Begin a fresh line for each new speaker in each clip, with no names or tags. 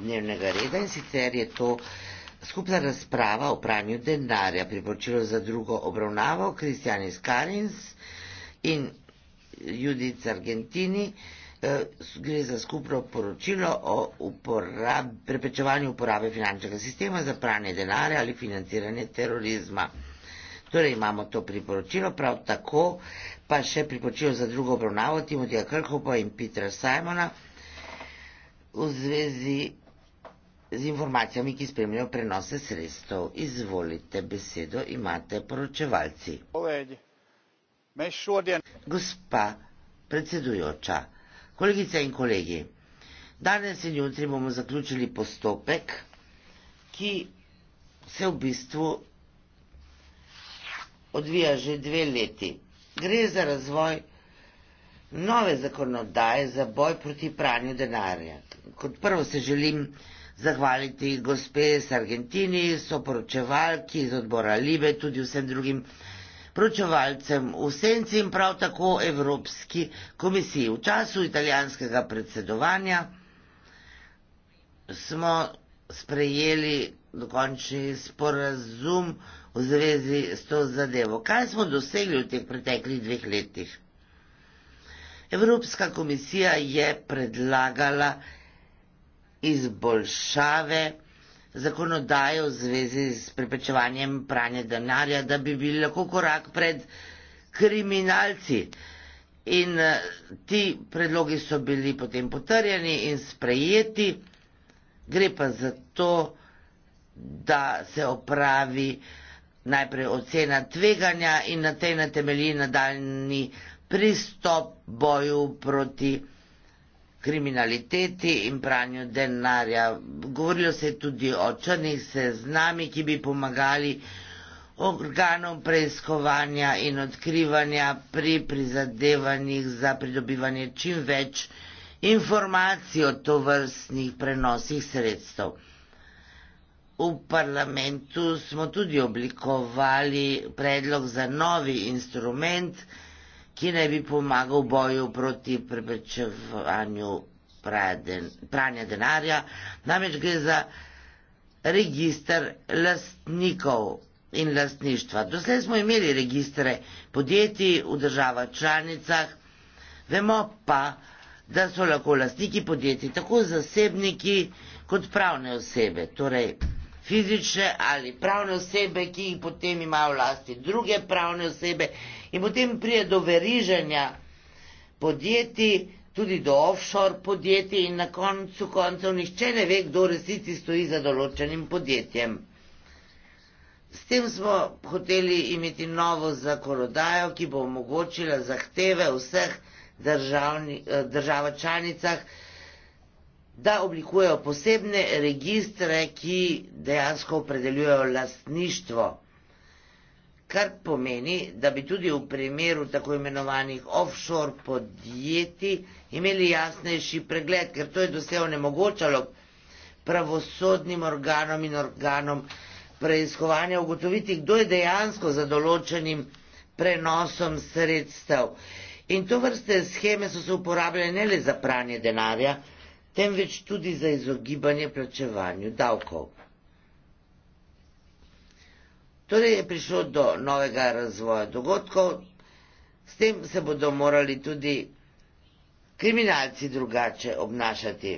dnevnega reda in sicer je to skupna razprava o pranju denarja, priporočilo za drugo obravnavo Kristjani Skalins in Judic Argentini. Eh, gre za skupno poročilo o uporab, preprečevanju uporabe finančnega sistema za pranje denarja ali financiranje terorizma. Torej imamo to priporočilo, prav tako pa še priporočilo za drugo obravnavo Timotija Krhopa in Petra Simona v zvezi z informacijami, ki spremljajo prenose sredstev. Izvolite besedo, imate poročevalci. Gospa predsedujoča, kolegice in kolegi, danes in jutri bomo zaključili postopek, ki se v bistvu odvija že dve leti. Gre za razvoj nove zakonodaje za boj proti pranju denarja. Kot prvo se želim zahvaliti gospe iz Argentini, so poročevalki iz odbora Libe, tudi vsem drugim poročevalcem v senci in prav tako Evropski komisiji. V času italijanskega predsedovanja smo sprejeli dokončni sporazum v zvezi s to zadevo. Kaj smo dosegli v teh preteklih dveh letih? Evropska komisija je predlagala izboljšave zakonodaje v zvezi s preprečevanjem pranja denarja, da bi bili lahko korak pred kriminalci. In eh, ti predlogi so bili potem potrjeni in sprejeti. Gre pa za to, da se opravi najprej ocena tveganja in na tej natemelji nadaljni pristop boju proti kriminalcem kriminaliteti in pranju denarja. Govorilo se je tudi o črnih seznami, ki bi pomagali organom preiskovanja in odkrivanja pri prizadevanjih za pridobivanje čim več informacij o tovrstnih prenosih sredstev. V parlamentu smo tudi oblikovali predlog za novi instrument, ki ki naj bi pomagal v boju proti preprečevanju pranja denarja. Namreč gre za registr lastnikov in lastništva. Doslej smo imeli registre podjetij v državah članicah, vemo pa, da so lahko lastniki podjetij tako zasebniki kot pravne osebe, torej fizične ali pravne osebe, ki jih potem imajo vlasti druge pravne osebe in potem prije do veriženja podjetij, tudi do offshore podjetij in na koncu koncev nišče ne ve, kdo resici stoji za določenim podjetjem. S tem smo hoteli imeti novo zakonodajo, ki bo omogočila zahteve vseh državni, eh, država članicah, da oblikujejo posebne registre, ki dejansko opredeljujejo lastništvo. Kar pomeni, da bi tudi v primeru tako imenovanih offshore podjetij imeli jasnejši pregled, ker to je dosev onemogočalo pravosodnim organom in organom preiskovanja ugotoviti, kdo je dejansko za določenim prenosom sredstev. In to vrste scheme so se uporabljale ne le za pranje denarja, temveč tudi za izogibanje plačevanju davkov. Torej je prišlo do novega razvoja dogodkov, s tem se bodo morali tudi kriminalci drugače obnašati.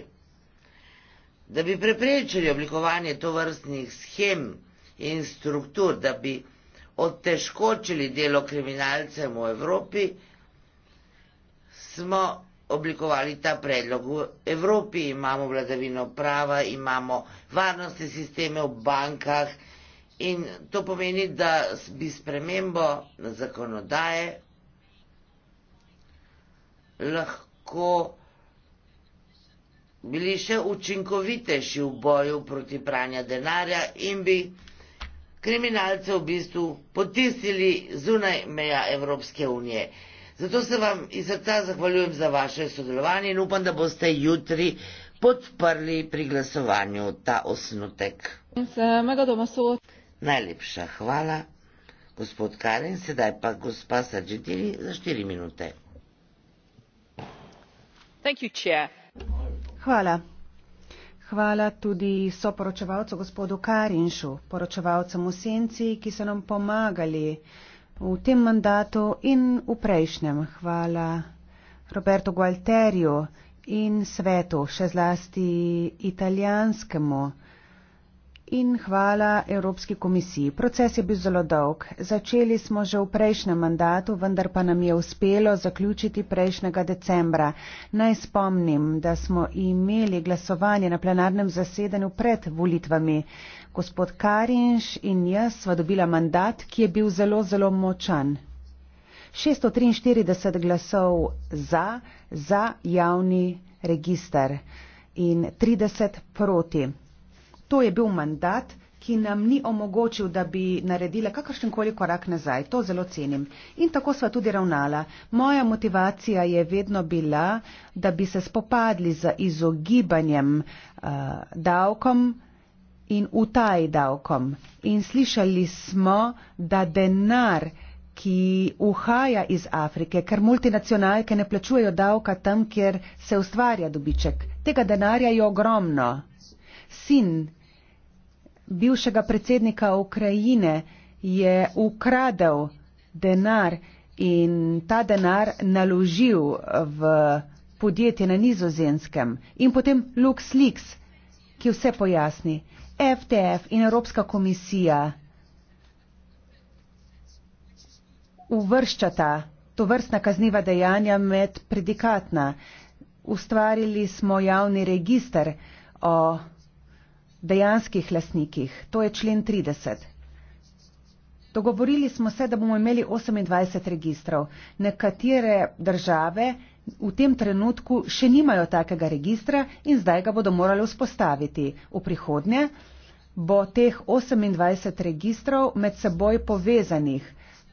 Da bi preprečili oblikovanje tovrstnih schem in struktur, da bi otežkočili delo kriminalcem v Evropi, smo oblikovali ta predlog. V Evropi imamo vladavino prava, imamo varnostne sisteme v bankah in to pomeni, da bi spremembo zakonodaje lahko bili še učinkovitejši v boju proti pranja denarja in bi kriminalce v bistvu potisnili zunaj meja Evropske unije. Zato se vam iz srca zahvaljujem za vaše sodelovanje in upam, da boste jutri podprli pri glasovanju ta osnutek.
Eh,
Najlepša hvala, gospod Karen, sedaj pa gospa Sargentini za štiri minute.
Hvala. Hvala tudi soporočevalcu gospodu Karinšu, poročevalcem v senci, ki so nam pomagali v tem mandatu in v prejšnjem. Hvala Roberto Gualterju in svetu, še zlasti italijanskemu in hvala Evropski komisiji. Proces je bil zelo dolg. Začeli smo že v prejšnjem mandatu, vendar pa nam je uspelo zaključiti prejšnjega decembra. Naj spomnim, da smo imeli glasovanje na plenarnem zasedanju pred volitvami. Gospod Karinš in jaz sva dobila mandat, ki je bil zelo, zelo močan. 643 glasov za, za javni register in 30 proti to je bil mandat, ki nam ni omogočil, da bi naredila kakršen koli korak nazaj. To zelo cenim. In tako sva tudi ravnala. Moja motivacija je vedno bila, da bi se spopadli z izogibanjem uh, davkom in utaj davkom. In slišali smo, da denar ki uhaja iz Afrike, ker multinacionalke ne plačujejo davka tam, kjer se ustvarja dobiček. Tega denarja je ogromno. Sin bivšega predsednika Ukrajine je ukradel denar in ta denar naložil v podjetje na nizozemskem in potem LuxLeaks, ki vse pojasni. FTF in Evropska komisija uvrščata to vrstna kazniva dejanja med predikatna. Ustvarili smo javni registr o dejanskih lasnikih. To je člen 30. Dogovorili smo se, da bomo imeli 28 registrov. Nekatere države v tem trenutku še nimajo takega registra in zdaj ga bodo morali vzpostaviti. V prihodnje bo teh 28 registrov med seboj povezanih,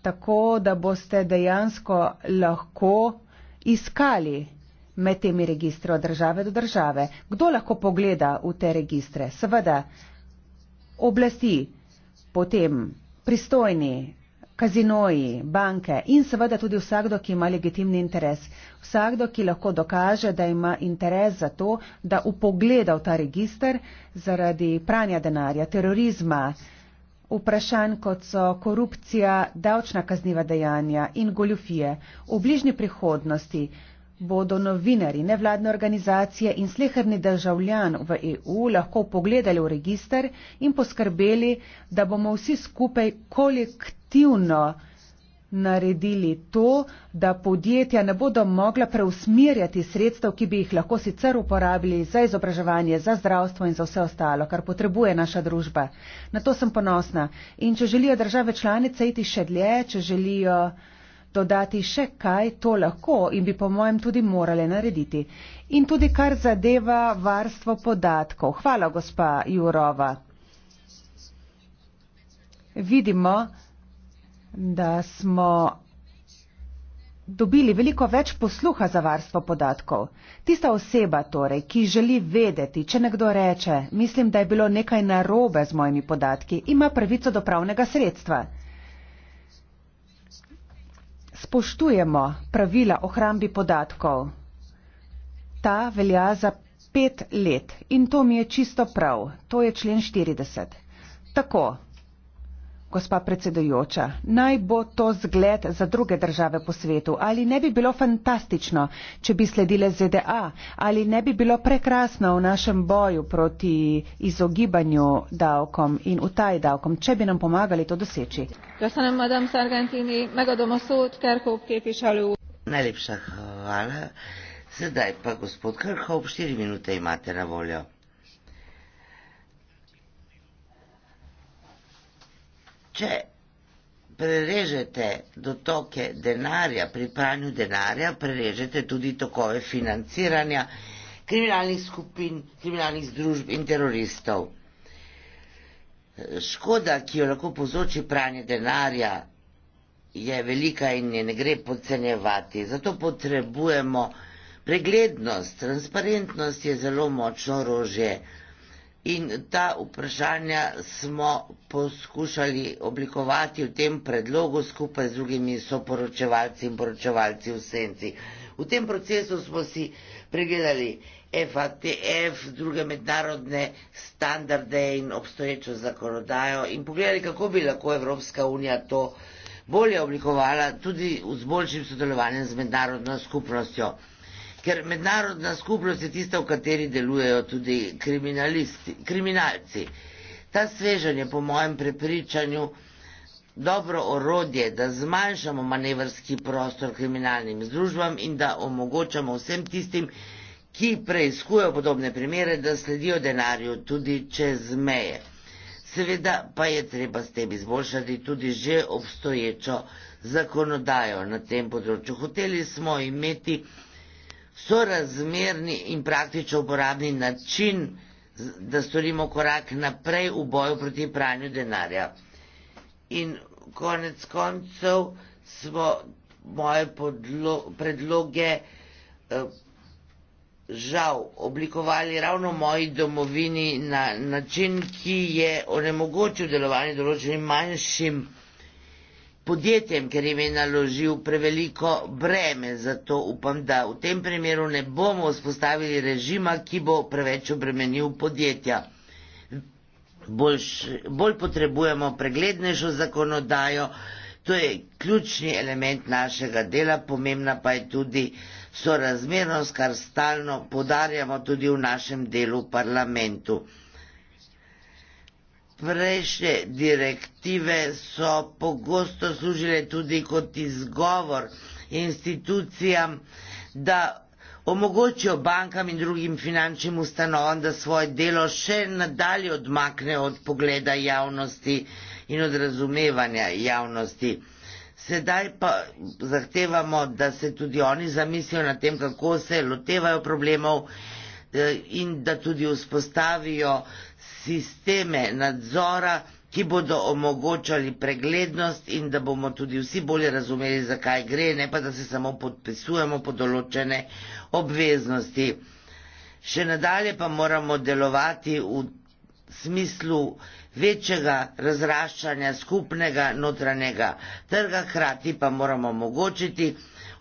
tako da boste dejansko lahko iskali med temi registri od države do države. Kdo lahko pogleda v te registre? Seveda oblasti, potem pristojni, kazinoji, banke in seveda tudi vsakdo, ki ima legitimni interes. Vsakdo, ki lahko dokaže, da ima interes za to, da upogleda v ta registr zaradi pranja denarja, terorizma, vprašanj kot so korupcija, davčna kazniva dejanja in goljufije v bližnji prihodnosti bodo novinari, nevladne organizacije in sleherni državljan v EU lahko pogledali v registr in poskrbeli, da bomo vsi skupaj kolektivno naredili to, da podjetja ne bodo mogla preusmerjati sredstev, ki bi jih lahko sicer uporabili za izobraževanje, za zdravstvo in za vse ostalo, kar potrebuje naša družba. Na to sem ponosna. In če želijo države članice iti še dlje, če želijo dodati še kaj to lahko in bi po mojem tudi morale narediti. In tudi kar zadeva varstvo podatkov. Hvala, gospa Jurova. Vidimo, da smo dobili veliko več posluha za varstvo podatkov. Tista oseba torej, ki želi vedeti, če nekdo reče, mislim, da je bilo nekaj narobe z mojimi podatki, ima pravico do pravnega sredstva spoštujemo pravila o hrambi podatkov. Ta velja za pet let in to mi je čisto prav. To je člen 40. Tako. Gospa predsedujoča, naj bo to zgled za druge države po svetu. Ali ne bi bilo fantastično, če bi sledile ZDA? Ali ne bi bilo prekrasno v našem boju proti izogibanju davkom in utaj davkom, če bi nam pomagali to doseči?
Najlepša hvala. Sedaj pa gospod Krhov, štiri minute imate na voljo. če prerežete dotoke denarja, pri pranju denarja, prerežete tudi tokove financiranja kriminalnih skupin, kriminalnih združb in teroristov. Škoda, ki jo lahko povzroči pranje denarja, je velika in je ne gre podcenjevati. Zato potrebujemo preglednost, transparentnost je zelo močno orožje in ta vprašanja smo poskušali oblikovati v tem predlogu skupaj z drugimi soporočevalci in poročevalci v senci. V tem procesu smo si pregledali FATF, druge mednarodne standarde in obstoječo zakonodajo in pogledali, kako bi lahko Evropska unija to bolje oblikovala tudi z boljšim sodelovanjem z mednarodno skupnostjo ker mednarodna skupnost je tista, v kateri delujejo tudi kriminalci. Ta svežen je po mojem prepričanju dobro orodje, da zmanjšamo manevrski prostor kriminalnim združbam in da omogočamo vsem tistim, ki preizkujejo podobne primere, da sledijo denarju tudi čez meje. Seveda pa je treba s tem izboljšati tudi že obstoječo zakonodajo na tem področju. Hoteli smo imeti sorazmerni in praktično uporabni način, da storimo korak naprej v boju proti pranju denarja. In konec koncev smo moje podlo, predloge eh, žal oblikovali ravno v moji domovini na način, ki je onemogočil delovanje določenim manjšim podjetjem, ker jim je naložil preveliko breme. Zato upam, da v tem primeru ne bomo vzpostavili režima, ki bo preveč obremenil podjetja. Boljš, bolj potrebujemo preglednejšo zakonodajo, to je ključni element našega dela, pomembna pa je tudi sorazmernost, kar stalno podarjamo tudi v našem delu parlamentu prejšnje direktive so pogosto služile tudi kot izgovor institucijam, da omogočijo bankam in drugim finančnim ustanovam, da svoje delo še nadalje odmakne od pogleda javnosti in od razumevanja javnosti. Sedaj pa zahtevamo, da se tudi oni zamislijo na tem, kako se lotevajo problemov eh, in da tudi vzpostavijo sisteme nadzora, ki bodo omogočali preglednost in da bomo tudi vsi bolje razumeli, zakaj gre, ne pa da se samo podpisujemo po določene obveznosti. Še nadalje pa moramo delovati v smislu večjega razraščanja skupnega notranjega trga, hkrati pa moramo omogočiti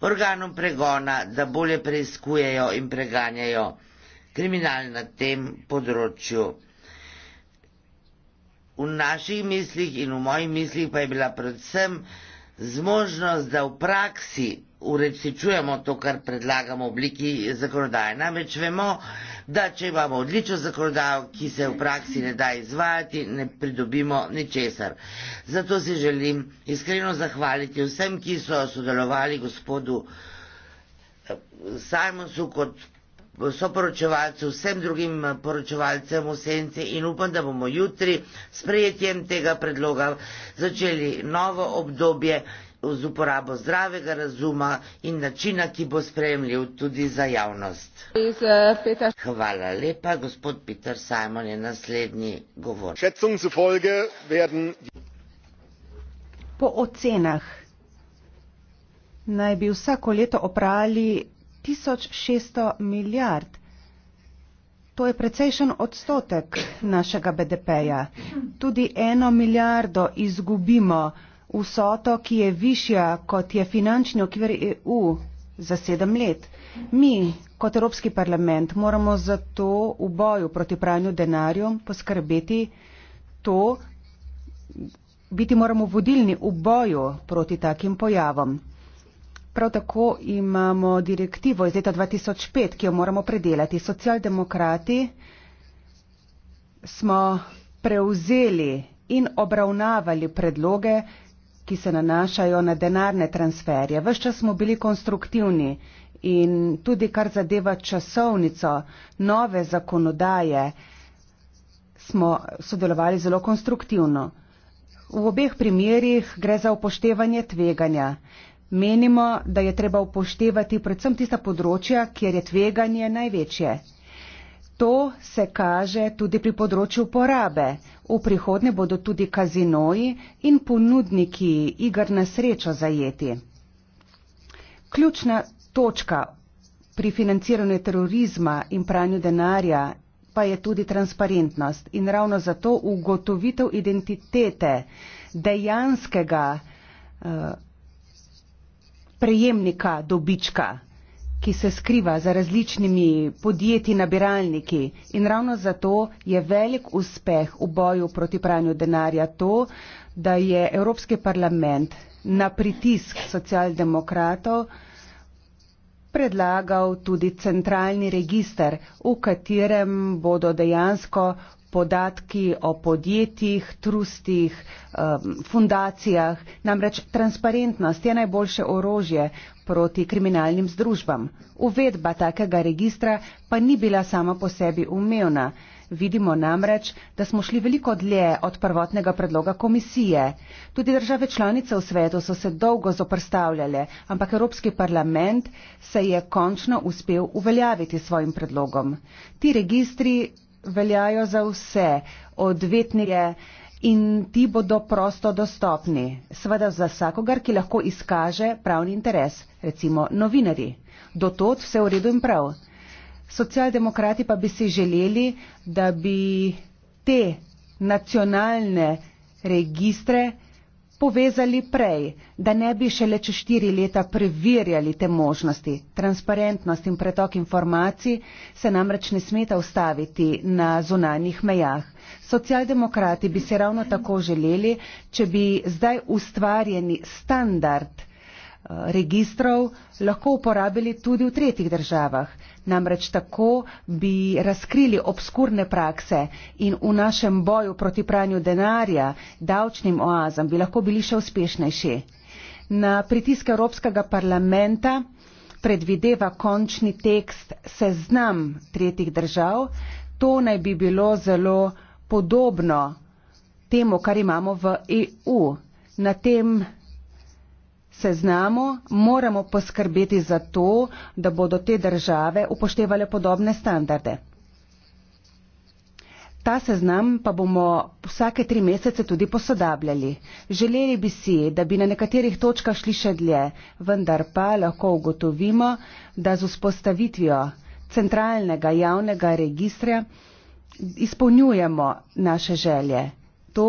organom pregona, da bolje preiskujejo in preganjajo kriminal na tem področju v naših mislih in v mojih mislih pa je bila predvsem zmožnost, da v praksi uresničujemo to, kar predlagamo v obliki zakonodaje. Namreč vemo, da če imamo odlično zakonodajo, ki se v praksi ne da izvajati, ne pridobimo ničesar. Zato si želim iskreno zahvaliti vsem, ki so sodelovali gospodu eh, Simonsu kot soporočevalcu, vsem drugim eh, poročevalcem v senci in upam, da bomo jutri s prijetjem tega predloga začeli novo obdobje z uporabo zdravega razuma in načina, ki bo spremljiv tudi za javnost.
Iz, uh, Peter...
Hvala lepa, gospod Peter Simon je naslednji govor. Werden...
Po ocenah naj bi vsako leto opravili 1600 milijard. To je precejšen odstotek našega BDP-ja. Tudi eno milijardo izgubimo vsoto, ki je višja, kot je finančni okvir EU za sedem let. Mi, kot Evropski parlament, moramo zato v boju proti pranju denarjem poskrbeti to, biti moramo vodilni v boju proti takim pojavom. Prav tako imamo direktivo iz leta 2005, ki jo moramo predelati. Socialdemokrati smo prevzeli in obravnavali predloge, ki se nanašajo na denarne transferje. Vse čas smo bili konstruktivni in tudi kar zadeva časovnico nove zakonodaje, smo sodelovali zelo konstruktivno. V obeh primerjih gre za upoštevanje tveganja. Menimo, da je treba upoštevati predvsem tista področja, kjer je tveganje največje. To se kaže tudi pri področju porabe. V prihodnje bodo tudi kazinoji in ponudniki igr na srečo zajeti. Ključna točka pri financiranju terorizma in pranju denarja pa je tudi transparentnost in ravno zato ugotovitev identitete dejanskega uh, prejemnika dobička, ki se skriva za različnimi podjetji nabiralniki. In ravno zato je velik uspeh v boju proti pranju denarja to, da je Evropski parlament na pritisk socialdemokratov predlagal tudi centralni register, v katerem bodo dejansko podatki o podjetjih, trustih, um, fundacijah. Namreč transparentnost je najboljše orožje proti kriminalnim združbam. Uvedba takega registra pa ni bila sama po sebi umevna. Vidimo namreč, da smo šli veliko dlje od prvotnega predloga komisije. Tudi države članice v svetu so se dolgo zoprstavljale, ampak Evropski parlament se je končno uspel uveljaviti svojim predlogom. Ti registri veljajo za vse odvetnike in ti bodo prosto dostopni. Sveda za vsakogar, ki lahko izkaže pravni interes, recimo novinari. Do tod vse v redu in prav. Socialdemokrati pa bi si želeli, da bi te nacionalne registre povezali prej, da ne bi šele čez štiri leta preverjali te možnosti. Transparentnost in pretok informacij se namreč ne smeta ustaviti na zunanjih mejah. Socialdemokrati bi se ravno tako želeli, če bi zdaj ustvarjeni standard Eh, registrov lahko uporabili tudi v tretjih državah. Namreč tako bi razkrili obskurne prakse in v našem boju proti pranju denarja davčnim oazam bi lahko bili še uspešnejši. Na pritisk Evropskega parlamenta predvideva končni tekst seznam tretjih držav. To naj bi bilo zelo podobno temu, kar imamo v EU. Na tem seznamu, moramo poskrbeti za to, da bodo te države upoštevale podobne standarde. Ta seznam pa bomo vsake tri mesece tudi posodabljali. Želeli bi si, da bi na nekaterih točkah šli še dlje, vendar pa lahko ugotovimo, da z vzpostavitvijo centralnega javnega registra izpolnjujemo naše želje. To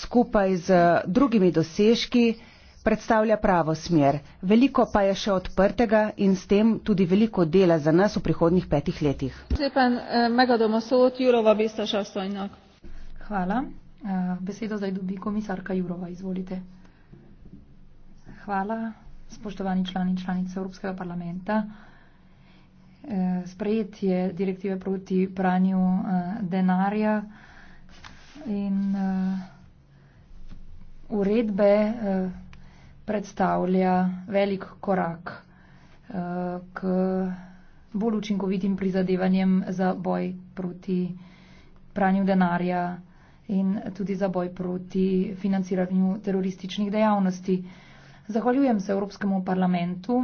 skupaj z drugimi dosežki, predstavlja pravo smer. Veliko pa je še odprtega in s tem tudi veliko dela za nas v prihodnih petih letih.
Eh, Hvala. Eh, besedo zdaj dobi komisarka Jurova. Izvolite. Hvala, spoštovani člani in članice Evropskega parlamenta. Eh, sprejet je direktive proti pranju denarja in uredbe predstavlja velik korak uh, k bolj učinkovitim prizadevanjem za boj proti pranju denarja in tudi za boj proti financiranju terorističnih dejavnosti. Zahvaljujem se Evropskemu parlamentu,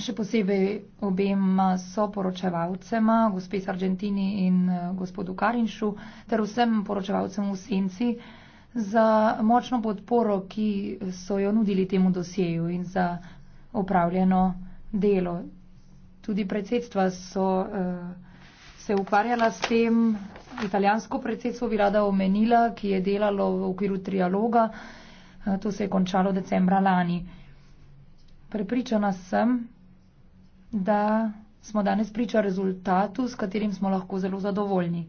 še posebej obema soporočevalcema, gospe Sargentini in eh, gospodu Karinšu, ter vsem poročevalcem v senci. Uh, za močno podporo, ki so jo nudili temu dosjeju in za opravljeno delo. Tudi predsedstva so uh, se ukvarjala s tem, italijansko predsedstvo bi rada omenila, ki je delalo v okviru trialoga, uh, to se je končalo decembra lani. Prepričana sem, da smo danes priča rezultatu, s katerim smo lahko zelo zadovoljni.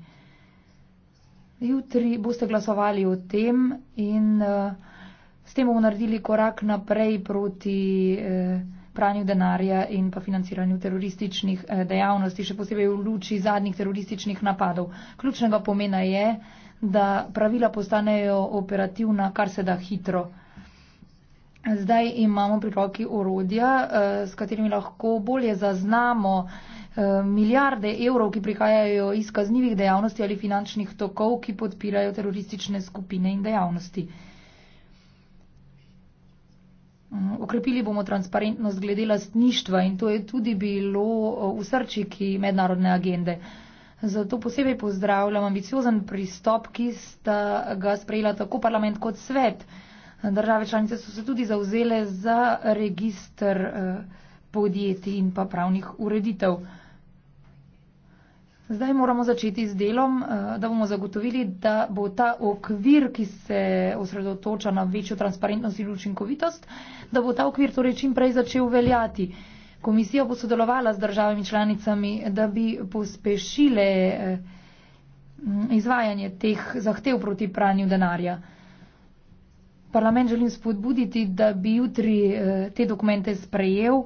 Jutri boste glasovali o tem in eh, s tem bomo naredili korak naprej proti eh, pranju denarja in pa financiranju terorističnih eh, dejavnosti, še posebej v luči zadnjih terorističnih napadov. Ključnega pomena je, da pravila postanejo operativna kar se da hitro. Zdaj imamo pri roki orodja, s katerimi lahko bolje zaznamo Eh, milijarde evrov, ki prihajajo iz kaznjivih dejavnosti ali finančnih tokov, ki podpirajo teroristične skupine in dejavnosti. Mm, okrepili bomo transparentnost glede lastništva in to je tudi bilo eh, v srčiki mednarodne agende. Zato posebej pozdravljam ambiciozen pristop, ki sta ga sprejela tako parlament kot svet. Države članice so se tudi zauzele za registr eh, podjetij in pa pravnih ureditev. Zdaj moramo začeti z delom, eh, da bomo zagotovili, da bo ta okvir, ki se osredotoča na večjo transparentnost in učinkovitost, da bo ta okvir torej čim prej začel veljati. Komisija bo sodelovala z državami članicami, da bi pospešile eh, izvajanje teh zahtev proti pranju denarja. Parlament želim spodbuditi, da bi jutri eh, te dokumente sprejel.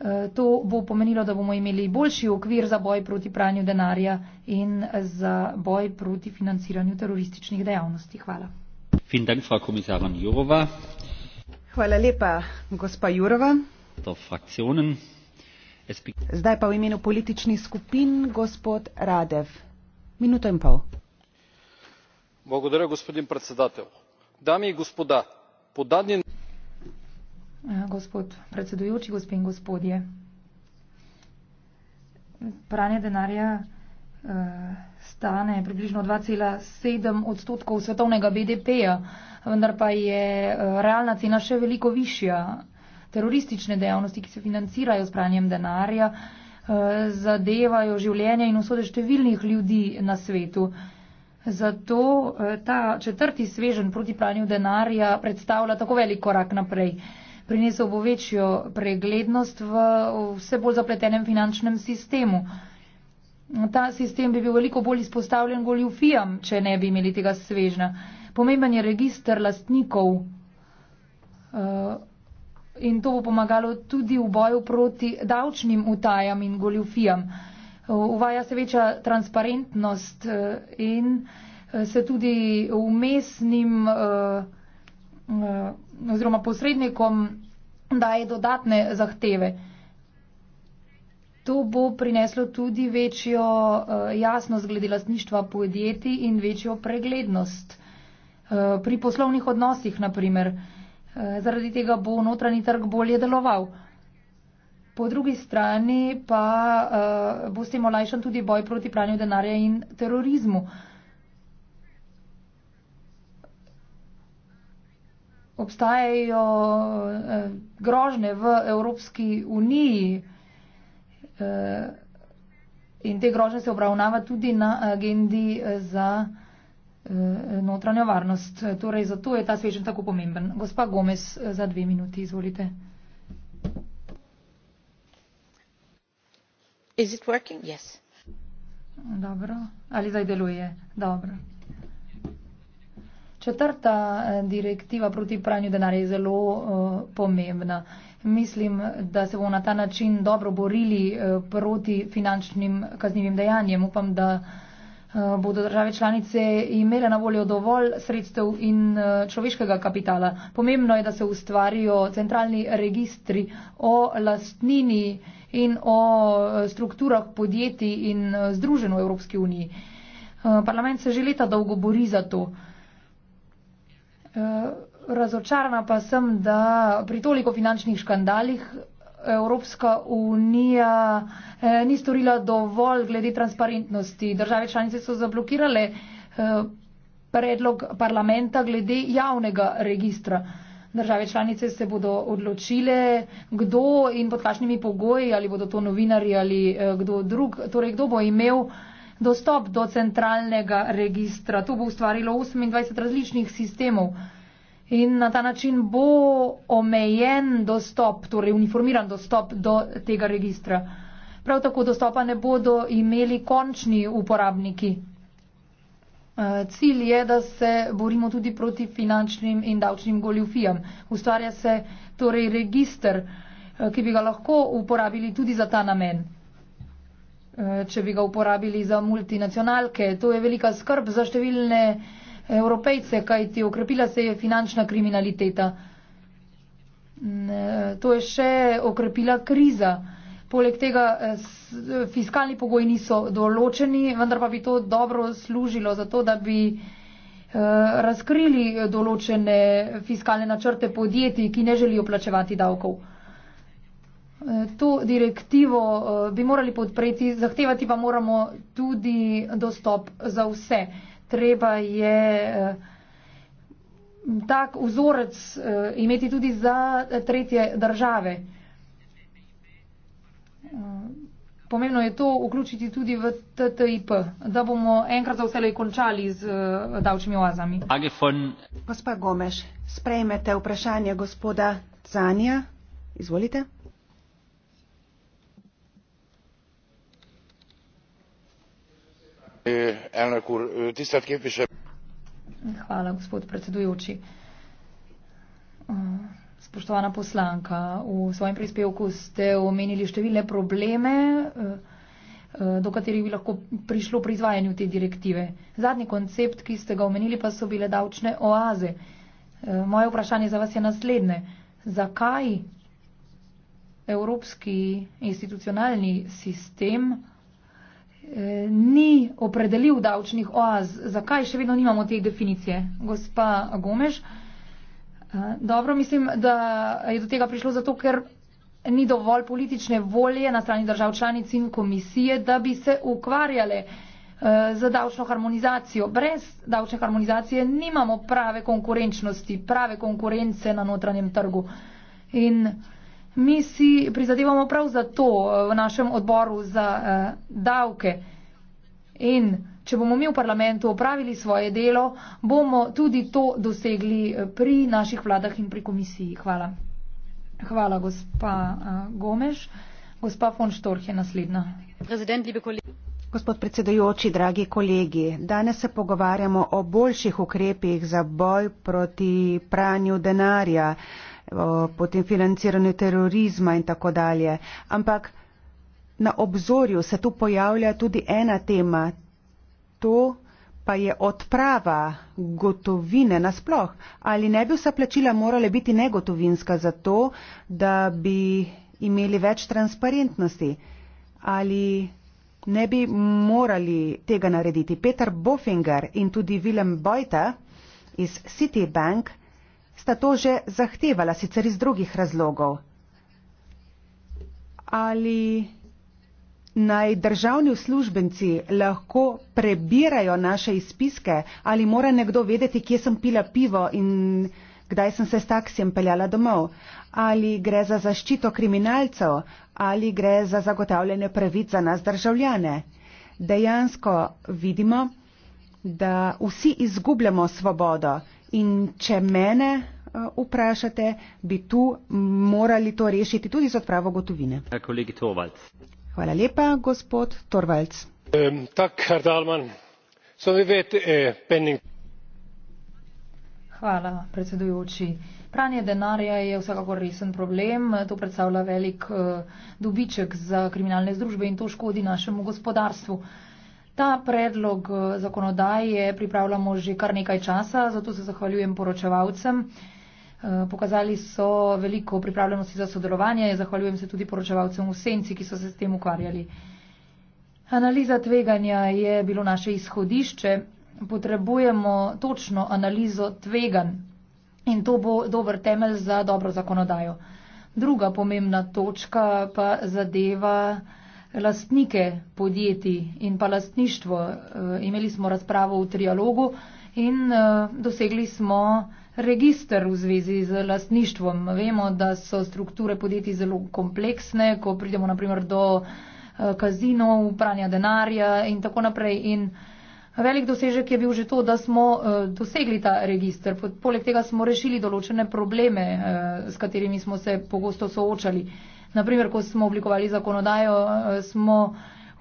Eh, to bo pomenilo, da bomo imeli boljši okvir za boj proti pranju denarja in za boj proti financiranju terorističnih dejavnosti. Hvala.
Hvala lepa, gospa Jurova. Zdaj pa v imenu političnih skupin, gospod Radev. Minuto in pol.
Bogodaj, gospodin predsedatelj. Dame in gospoda, podanje
gospod predsedujoči, gospe in gospodje. Pranje denarja eh, stane približno 2,7 odstotkov svetovnega BDP-ja, vendar pa je eh, realna cena še veliko višja. Teroristične dejavnosti, ki se financirajo s pranjem denarja, eh, zadevajo življenje in usode številnih ljudi na svetu. Zato ta četrti svežen proti pranju denarja predstavlja tako velik korak naprej prinesel bo večjo preglednost v vse bolj zapletenem finančnem sistemu. Ta sistem bi bil veliko bolj izpostavljen goljufijam, če ne bi imeli tega svežna. Pomemben je registr lastnikov uh, in to bo pomagalo tudi v boju proti davčnim utajam in goljufijam. Uvaja se večja transparentnost eh, in eh, se tudi umestnim uh, uh, oziroma posrednikom daje dodatne zahteve. To bo prineslo tudi večjo eh, jasnost glede lastništva podjetij in večjo preglednost eh, pri poslovnih odnosih, naprimer. Eh, zaradi tega bo notranji trg bolje deloval. Po drugi strani pa bo s tem olajšan tudi boj proti pranju denarja in terorizmu. obstajajo eh, grožne v Evropski uniji eh, in te grožne se obravnava tudi na agendi za eh, notranjo varnost. Torej, zato je ta svežen tako pomemben. Gospa Gomez, za dve minuti, izvolite. Is it working? Yes. Dobro. Ali zdaj deluje? Dobro. Četrta eh, direktiva proti pranju denarja je zelo eh, pomembna. Mislim, da se bomo na ta način dobro borili eh, proti finančnim kaznjivim dejanjem. Upam, da bodo države članice imele na voljo dovolj sredstev in človeškega kapitala. Pomembno je, da se ustvarijo centralni registri o lastnini in o strukturah podjetij in združen v Evropski uniji. Parlament se že leta dolgo bori za to. Eh, razočarana pa sem, da pri toliko finančnih škandalih Evropska unija eh, ni storila dovolj glede transparentnosti. Države članice so zablokirale eh, predlog parlamenta glede javnega registra. Države članice se bodo odločile, kdo in pod kakšnimi pogoji, ali bodo to novinari ali kdo drug, torej kdo bo imel dostop do centralnega registra. To bo ustvarilo 28 različnih sistemov in na ta način bo omejen dostop, torej uniformiran dostop do tega registra. Prav tako dostopa ne bodo imeli končni uporabniki. Eh, cilj je, da se borimo tudi proti finančnim in davčnim goljufijam. Ustvarja se torej register, eh, ki bi ga lahko uporabili tudi za ta namen. Eh, če bi ga uporabili za multinacionalke. To je velika skrb za številne eh, evropejce, kajti okrepila se je finančna kriminaliteta. Mm, eh, to je še okrepila kriza. Poleg tega fiskalni pogoji niso določeni, vendar pa bi to dobro služilo za to, da bi razkrili določene fiskalne načrte podjetij, ki ne želijo plačevati davkov. To direktivo eh, bi morali podpreti, zahtevati pa moramo tudi dostop za vse. Treba je eh, tak vzorec eh, imeti tudi za tretje države. Pomembno je to vključiti tudi v TTIP, da bomo enkrat za vselej končali
z davčnimi oazami.
Agifon.
Gospa Gomeš, sprejmete vprašanje gospoda Canja. Izvolite.
Eh, eh,
hvala gospod predsedujoči. Eh, spoštovana poslanka, v svojem prispevku ste omenili številne probleme, do katerih bi lahko prišlo pri izvajanju te direktive. Zadnji koncept, ki ste ga omenili, pa so bile davčne oaze. Moje vprašanje za vas je naslednje. Zakaj evropski institucionalni sistem ni opredelil davčnih oaz. Zakaj še vedno nimamo te definicije, gospa Gomež? Eh, dobro, mislim, da je do tega prišlo zato, ker ni dovolj politične volje na strani držav članic in komisije, da bi se ukvarjale eh, z davčno harmonizacijo. Brez davčne harmonizacije nimamo prave konkurenčnosti, prave konkurence na notranjem trgu. In Mi si prizadevamo prav za to eh, v našem odboru za uh, davke. In če bomo mi v parlamentu opravili svoje delo, bomo tudi to dosegli eh, pri naših vladah in pri komisiji. Hvala. Hvala, gospa uh, Gomeš. Gospa von Štorh je
naslednja. Gospod predsedujoči, dragi kolegi, danes se pogovarjamo o boljših ukrepih za boj proti pranju denarja. Uh, potem financiranju terorizma in tako dalje. Ampak na obzorju se tu pojavlja tudi ena tema, to pa je odprava gotovine nasploh. Ali ne bi vsa plačila morale biti negotovinska za to, da bi imeli več transparentnosti? Ali ne bi morali tega narediti? Peter Bofinger in tudi Willem Bojta iz Citibank. Bank sta to že zahtevala, sicer iz drugih razlogov. Ali naj državni uslužbenci lahko prebirajo naše izpiske, ali mora nekdo vedeti, kje sem pila pivo in kdaj sem se s taksijem peljala domov, ali gre za zaščito kriminalcev, ali gre za zagotavljanje pravic za nas državljane. Dejansko vidimo, da vsi izgubljamo svobodo in če mene Eh, vprašate, bi tu morali to rešiti tudi z odpravo gotovine.
Ja,
Hvala lepa, gospod Torvalds.
Eh,
Hvala, predsedujoči. Pranje denarja je vsekakor resen problem. To predstavlja velik eh, dobiček za kriminalne združbe in to škodi našemu gospodarstvu. Ta predlog zakonodaje pripravljamo že kar nekaj časa, zato se zahvaljujem poročevalcem. Eh, pokazali so veliko pripravljenosti za sodelovanje. Zahvaljujem se tudi poročevalcem v senci, ki so se s tem ukvarjali. Analiza tveganja je bilo naše izhodišče. Potrebujemo točno analizo tvegan in to bo dober temelj za dobro zakonodajo. Druga pomembna točka pa zadeva lastnike podjetij in pa lastništvo. Eh, imeli smo razpravo v trialogu in eh, dosegli smo register v zvezi z lastništvom. Vemo, da so strukture podjetij zelo kompleksne, ko pridemo naprimer do eh, kazinov, pranja denarja in tako naprej. In velik dosežek je bil že to, da smo eh, dosegli ta register. Poleg tega smo rešili določene probleme, eh, s katerimi smo se pogosto soočali. Naprimer, ko smo oblikovali zakonodajo, smo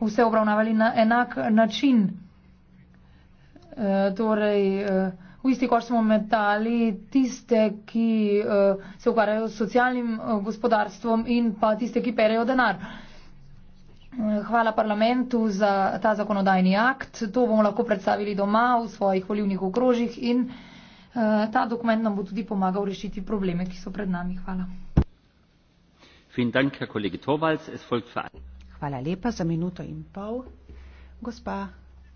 vse obravnavali na enak način. Torej, v isti koš smo metali tiste, ki uh, se ukvarjajo s socialnim uh, gospodarstvom in pa tiste, ki perejo denar. Eh, hvala parlamentu za ta zakonodajni akt. To bomo lahko predstavili doma v svojih volivnih okrožjih in uh, ta dokument nam bo tudi pomagal rešiti probleme, ki so
pred nami. Hvala. Hvala lepa za minuto in pol. Gospa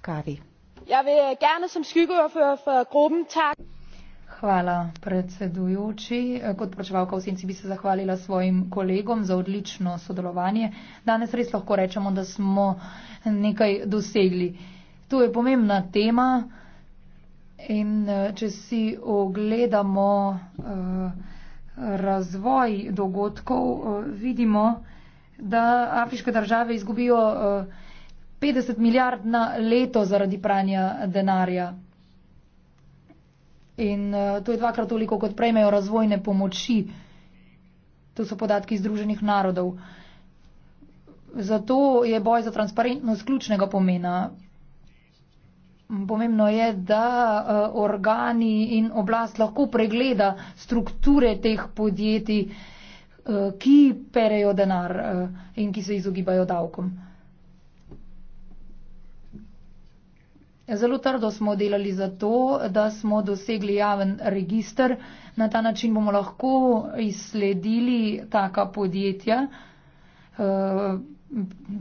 Kavi.
Øh, Hvala, predsedujoči. Eh, kot poročevalka v senci bi se zahvalila svojim kolegom za odlično sodelovanje. Danes res lahko rečemo, da smo nekaj dosegli. To je pomembna tema in eh, če si ogledamo eh, razvoj dogodkov, vidimo, da afriške države izgubijo 50 milijard na leto zaradi pranja denarja. In uh, to je dvakrat toliko, kot prejmejo razvojne pomoči. To so podatki Združenih narodov. Zato je boj za transparentnost ključnega pomena. Pomembno je, da uh, organi in oblast lahko pregleda strukture teh podjetij, uh, ki perejo denar uh, in ki se izogibajo davkom. Zelo trdo smo delali za to, da smo dosegli javen registr. Na ta način bomo lahko izsledili taka podjetja. Eh,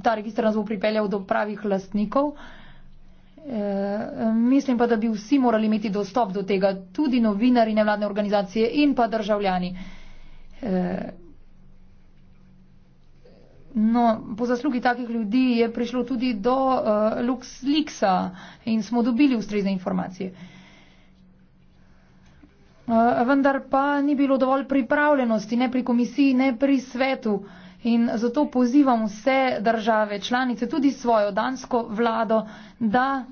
ta registr nas bo pripeljal do pravih lastnikov. Eh, mislim pa, da bi vsi morali imeti dostop do tega, tudi novinari, nevladne organizacije in pa državljani. Eh, No, po zaslugi takih ljudi je prišlo tudi do uh, LuxLeaksa in smo dobili ustrezne informacije. Eh, vendar pa ni bilo dovolj pripravljenosti, ne pri komisiji, ne pri svetu. In zato pozivam vse države članice, tudi svojo dansko vlado, da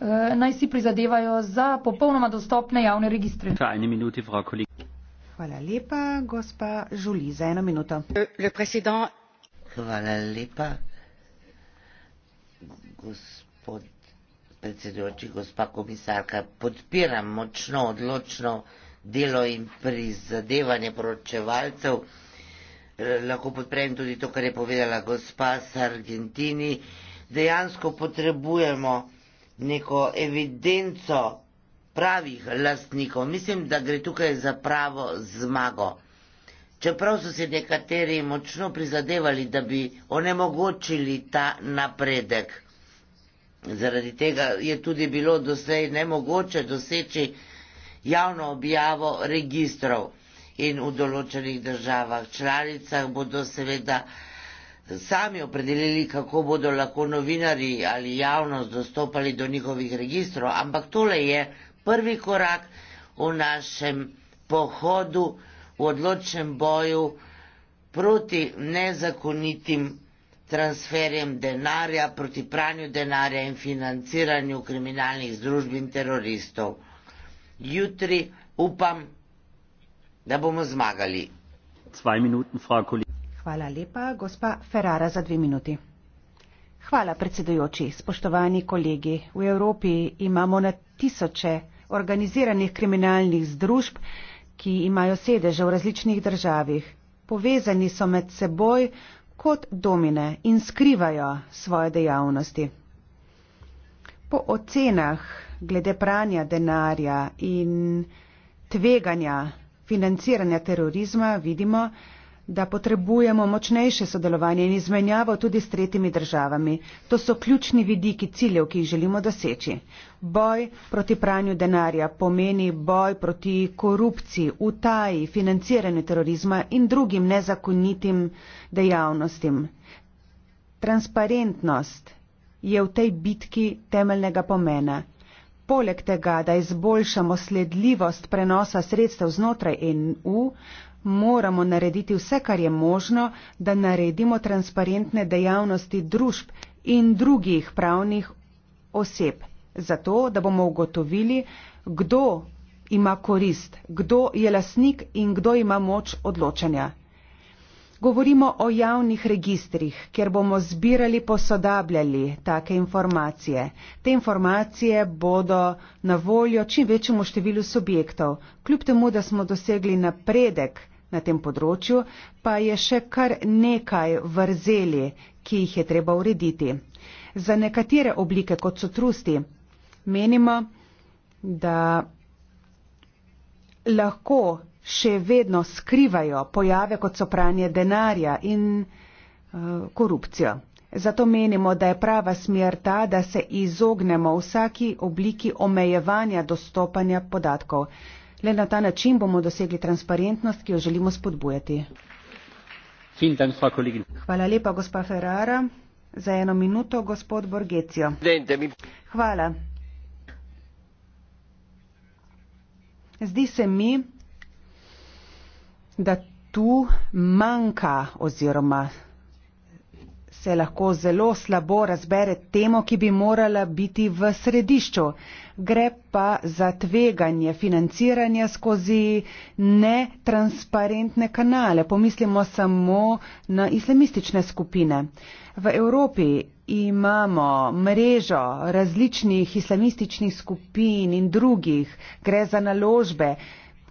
eh, naj si prizadevajo za popolnoma dostopne javne registre.
Hvala lepa, gospa Žuli, za eno minuto.
Hvala lepa, gospod predsedujoči, gospa komisarka. Podpiram močno, odločno delo in prizadevanje poročevalcev. Eh, lahko podprem tudi to, kar je povedala gospa s Argentini. Dejansko potrebujemo neko evidenco pravih lastnikov. Mislim, da gre tukaj za pravo zmago čeprav so se nekateri močno prizadevali, da bi onemogočili ta napredek. Zaradi tega je tudi bilo doslej nemogoče doseči javno objavo registrov in v določenih državah članicah bodo seveda sami opredelili, kako bodo lahko novinari ali javnost dostopali do njihovih registrov, ampak tole je prvi korak v našem pohodu, v odločnem boju proti nezakonitim transferjem denarja, proti pranju denarja in financiranju kriminalnih združb in teroristov. Jutri upam, da bomo zmagali. Minuten,
Hvala lepa, gospa Ferrara, za dve minuti. Hvala, predsedujoči. Spoštovani kolegi, v Evropi imamo na tisoče organiziranih kriminalnih združb, ki imajo sedeže v različnih državah. Povezani so med seboj kot domine in skrivajo svoje dejavnosti. Po ocenah glede pranja denarja in tveganja financiranja terorizma vidimo, da da potrebujemo močnejše sodelovanje in izmenjavo tudi s tretjimi državami. To so ključni vidiki ciljev, ki jih želimo doseči. Boj proti pranju denarja pomeni boj proti korupciji, utaji, financiranju terorizma in drugim nezakonitim dejavnostim. Transparentnost je v tej bitki temeljnega pomena. Poleg tega, da izboljšamo sledljivost prenosa sredstev znotraj NU, moramo narediti vse, kar je možno, da naredimo transparentne dejavnosti družb in drugih pravnih oseb, zato da bomo ugotovili, kdo ima korist, kdo je lasnik in kdo ima moč odločanja. Govorimo o javnih registrih, kjer bomo zbirali, posodabljali take informacije. Te informacije bodo na voljo čim večjemu številu subjektov. Kljub temu, da smo dosegli napredek, Na tem področju pa je še kar nekaj vrzeli, ki jih je treba urediti. Za nekatere oblike, kot so trusti, menimo, da lahko še vedno skrivajo pojave, kot so pranje denarja in eh, korupcijo. Zato menimo, da je prava smer ta, da se izognemo vsaki obliki omejevanja dostopanja podatkov. Le na ta način bomo dosegli transparentnost, ki jo želimo spodbujati. Hvala lepa, gospa Ferrara. Za eno minuto, gospod Borgecio. Hvala. Zdi se mi, da tu manjka oziroma se lahko zelo slabo razbere temo, ki bi morala biti v središču gre pa za tveganje financiranja skozi netransparentne kanale. Pomislimo samo na islamistične skupine. V Evropi imamo mrežo različnih islamističnih skupin in drugih, gre za naložbe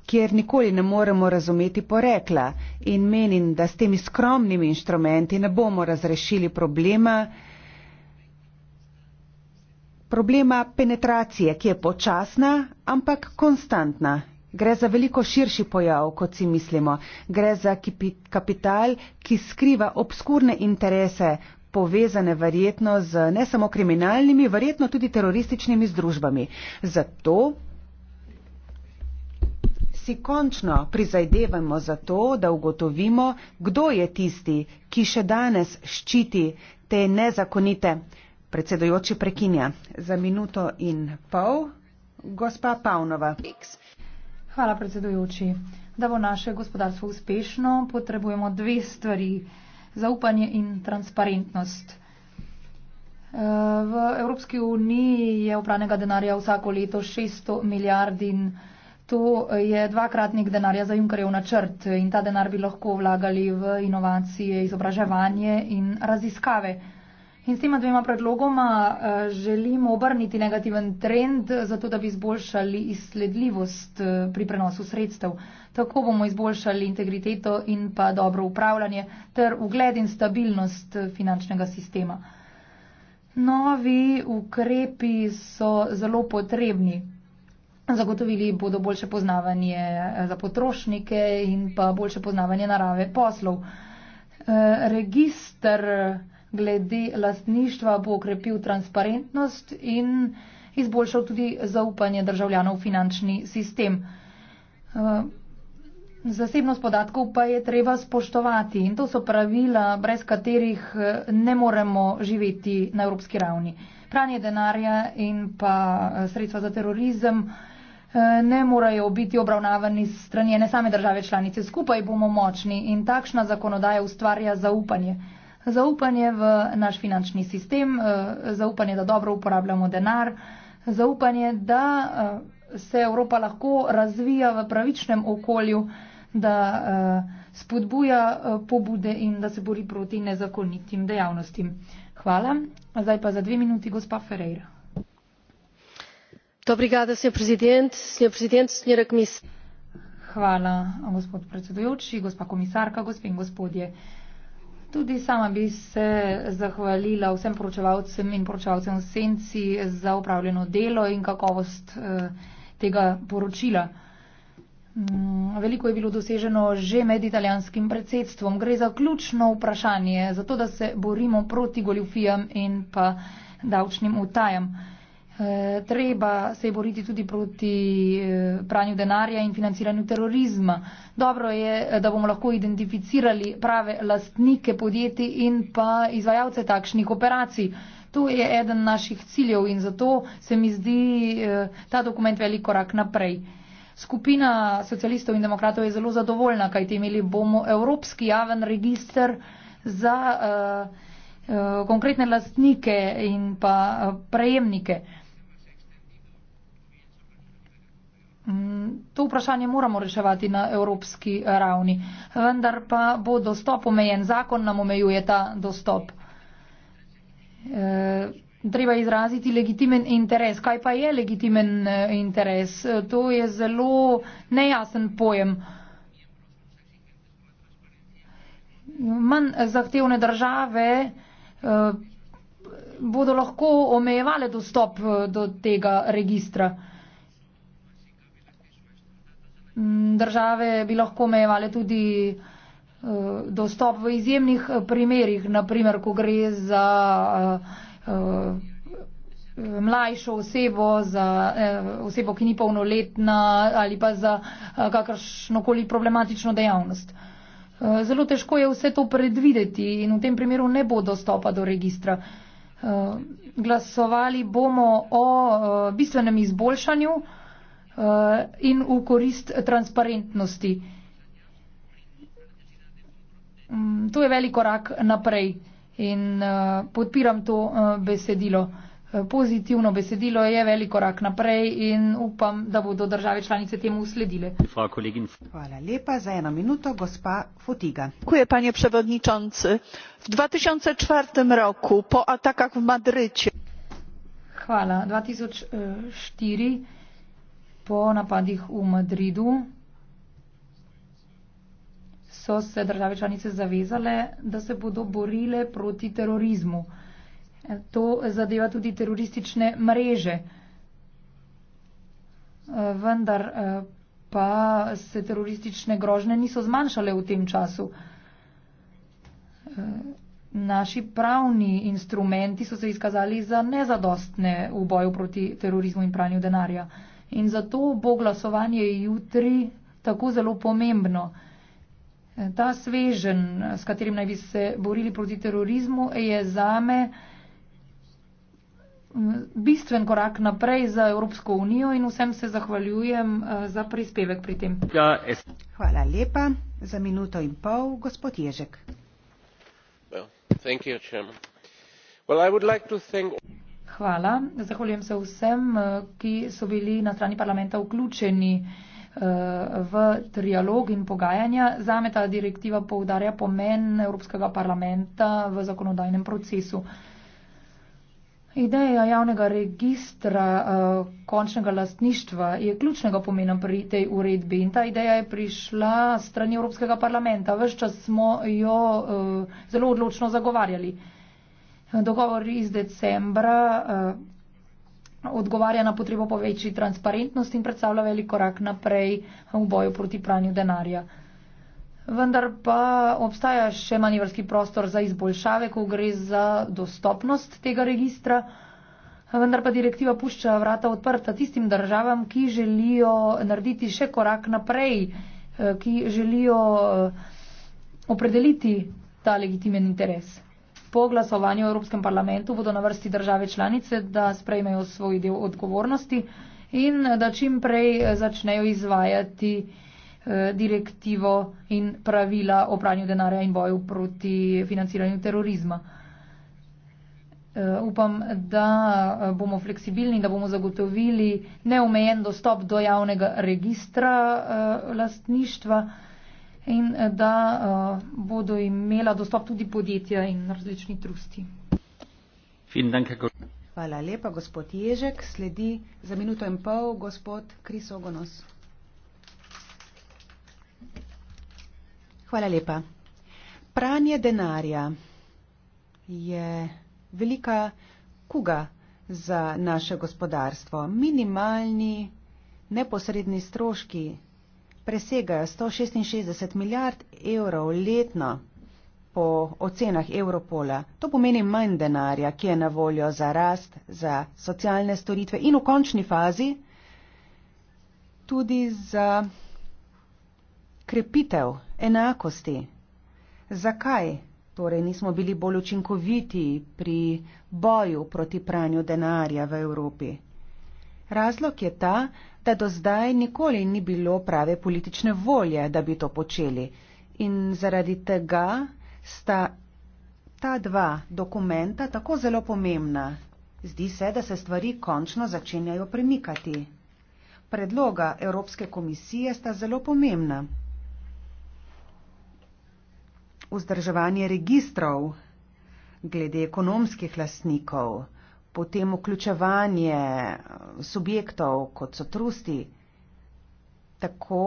kjer nikoli ne moremo razumeti porekla in menim, da s temi skromnimi inštrumenti ne bomo razrešili problema, problema penetracije, ki je počasna, ampak konstantna. Gre za veliko širši pojav, kot si mislimo. Gre za kapital, ki skriva obskurne interese, povezane verjetno z ne samo kriminalnimi, verjetno tudi terorističnimi združbami. Zato si končno prizadevamo za to, da ugotovimo, kdo je tisti, ki še danes ščiti te nezakonite Predsedujoči prekinja za minuto in pol. Gospa Pavnova. Hvala, predsedujoči. Da bo naše gospodarstvo
uspešno, potrebujemo dve stvari. Zaupanje in transparentnost. V Evropski uniji je upranega denarja vsako leto 600 milijard in to je dvakratnik denarja za Junkarjev načrt in ta denar bi lahko vlagali v inovacije, izobraževanje in raziskave. In s tema dvema predlogoma eh, želimo obrniti negativen trend, zato da bi izboljšali izsledljivost eh, pri prenosu sredstev. Tako bomo izboljšali integriteto in pa dobro upravljanje ter ugled in stabilnost eh, finančnega sistema. Novi ukrepi so zelo potrebni. Zagotovili bodo boljše poznavanje za potrošnike in pa boljše poznavanje narave poslov. Register glede lastništva bo okrepil transparentnost in izboljšal tudi zaupanje državljanov v finančni sistem. Eh, zasebnost podatkov pa je treba spoštovati in to so pravila, brez katerih eh, ne moremo živeti na evropski ravni. Pranje denarja in pa eh, sredstva za terorizem ne morajo biti obravnavani strani ene same države članice. Skupaj bomo močni in takšna zakonodaja ustvarja zaupanje zaupanje v naš finančni sistem, eh, zaupanje, da dobro uporabljamo denar, zaupanje, da eh, se Evropa lahko razvija v pravičnem okolju, da eh, spodbuja pobude in da se bori proti nezakonitim dejavnostim. Hvala. Zdaj pa za dve minuti gospa Ferreira. Dobrigada, senjor prezident, senjor prezident, senjora komisarka. Hvala, gospod predsedujoči, gospa komisarka, gospe in gospodje. Tudi sama bi se zahvalila vsem poročevalcem in poročevalcem v senci za upravljeno delo in kakovost eh, tega poročila. Mm, veliko je bilo doseženo že med italijanskim predsedstvom. Gre za ključno vprašanje, zato da se borimo proti goljufijam in pa davčnim utajam. Eh, treba se je boriti tudi proti eh, pranju denarja in financiranju terorizma. Dobro je, eh, da bomo lahko identificirali prave lastnike podjetij in pa izvajalce takšnih operacij. To je eden naših ciljev in zato se mi zdi ta dokument velik korak naprej. Skupina socialistov in demokratov je zelo zadovoljna, kajti imeli bomo evropski javen register za uh, uh, konkretne lastnike in pa uh, prejemnike. Uh, To vprašanje moramo reševati na evropski ravni, vendar pa bo dostop omejen. Zakon nam omejuje ta dostop. E, treba izraziti legitimen interes. Kaj pa je legitimen e, interes? E, to je zelo nejasen pojem. Manj zahtevne države bodo lahko omejevale dostop do tega registra. Mm, države bi lahko omejevale tudi eh, dostop v izjemnih eh, primerjih, naprimer, ko gre za eh, mlajšo osebo, za osebo, ki ni polnoletna ali pa za kakršnokoli problematično dejavnost. Zelo težko je vse to predvideti in v tem primeru ne bo dostopa do registra. Glasovali bomo o bistvenem izboljšanju Eh, in v korist transparentnosti. Mm, to je velik korak naprej in eh, podpiram to eh, besedilo. Pozitivno besedilo je velik korak naprej in upam, da bodo države članice temu usledile.
Hvala lepa za eno minuto, gospa Fotiga. Dziękuję, panie
przewodniczący. V 2004 roku,
po atakah v Madridu.
Hvala. 2004. Po napadih v Madridu so se države članice zavezale, da se bodo borile proti terorizmu. To zadeva tudi teroristične mreže. Vendar eh, pa se teroristične grožne niso zmanjšale v tem času. Eh, naši pravni instrumenti so se izkazali za nezadostne v boju proti terorizmu in pranju denarja. In zato bo glasovanje jutri tako zelo pomembno. Ta svežen, s katerim naj bi se borili proti terorizmu, je zame mm, bistven korak naprej za Evropsko unijo
in vsem se zahvaljujem eh, za prispevek pri tem. Ja, Hvala lepa. Za minuto in pol, gospod Ježek.
Well,
Hvala. Zahvaljujem se vsem, eh, ki so bili na strani parlamenta vključeni eh, v trialog in pogajanja. Zame ta direktiva poudarja pomen Evropskega parlamenta v zakonodajnem procesu. Ideja javnega registra eh, končnega lastništva je ključnega pomena pri tej uredbi in ta ideja je prišla strani Evropskega parlamenta. Vse čas smo jo zelo odločno zagovarjali dogovor iz decembra eh, odgovarja na potrebo po večji transparentnosti in predstavlja velik korak naprej v boju proti pranju denarja. Vendar pa obstaja še manjvrski prostor za izboljšave, ko gre za dostopnost tega registra. Vendar pa direktiva pušča vrata odprta tistim državam, ki želijo narediti še korak naprej, eh, ki želijo eh, opredeliti ta legitimen interes po glasovanju v Evropskem parlamentu bodo na vrsti države članice, da sprejmejo svoj del odgovornosti in da čim prej začnejo izvajati eh, direktivo in pravila o pranju denarja in boju proti financiranju terorizma. Eh, upam, da eh, bomo fleksibilni, da bomo zagotovili neomejen dostop do javnega registra lastništva in eh, da uh, bodo imela dostop tudi podjetja in različni trusti.
Hvala lepa, gospod Ježek. Sledi za minuto in pol gospod Kris Ogonos. Hvala lepa. Pranje denarja je velika kuga za naše gospodarstvo. Minimalni neposredni stroški presegajo 166 milijard evrov letno po ocenah Evropola. To pomeni manj denarja, ki je na voljo za rast, za socialne storitve in v končni fazi tudi za krepitev enakosti. Zakaj torej nismo bili bolj učinkoviti pri boju proti pranju denarja v Evropi? Razlog je ta, da do zdaj nikoli ni bilo prave politične volje, da bi to počeli. In zaradi tega sta ta dva dokumenta tako zelo pomembna. Zdi se, da se stvari končno začenjajo premikati. Predloga Evropske komisije sta zelo pomembna. Vzdrževanje registrov glede ekonomskih lastnikov potem vključevanje eh, subjektov, kot so trusti, tako,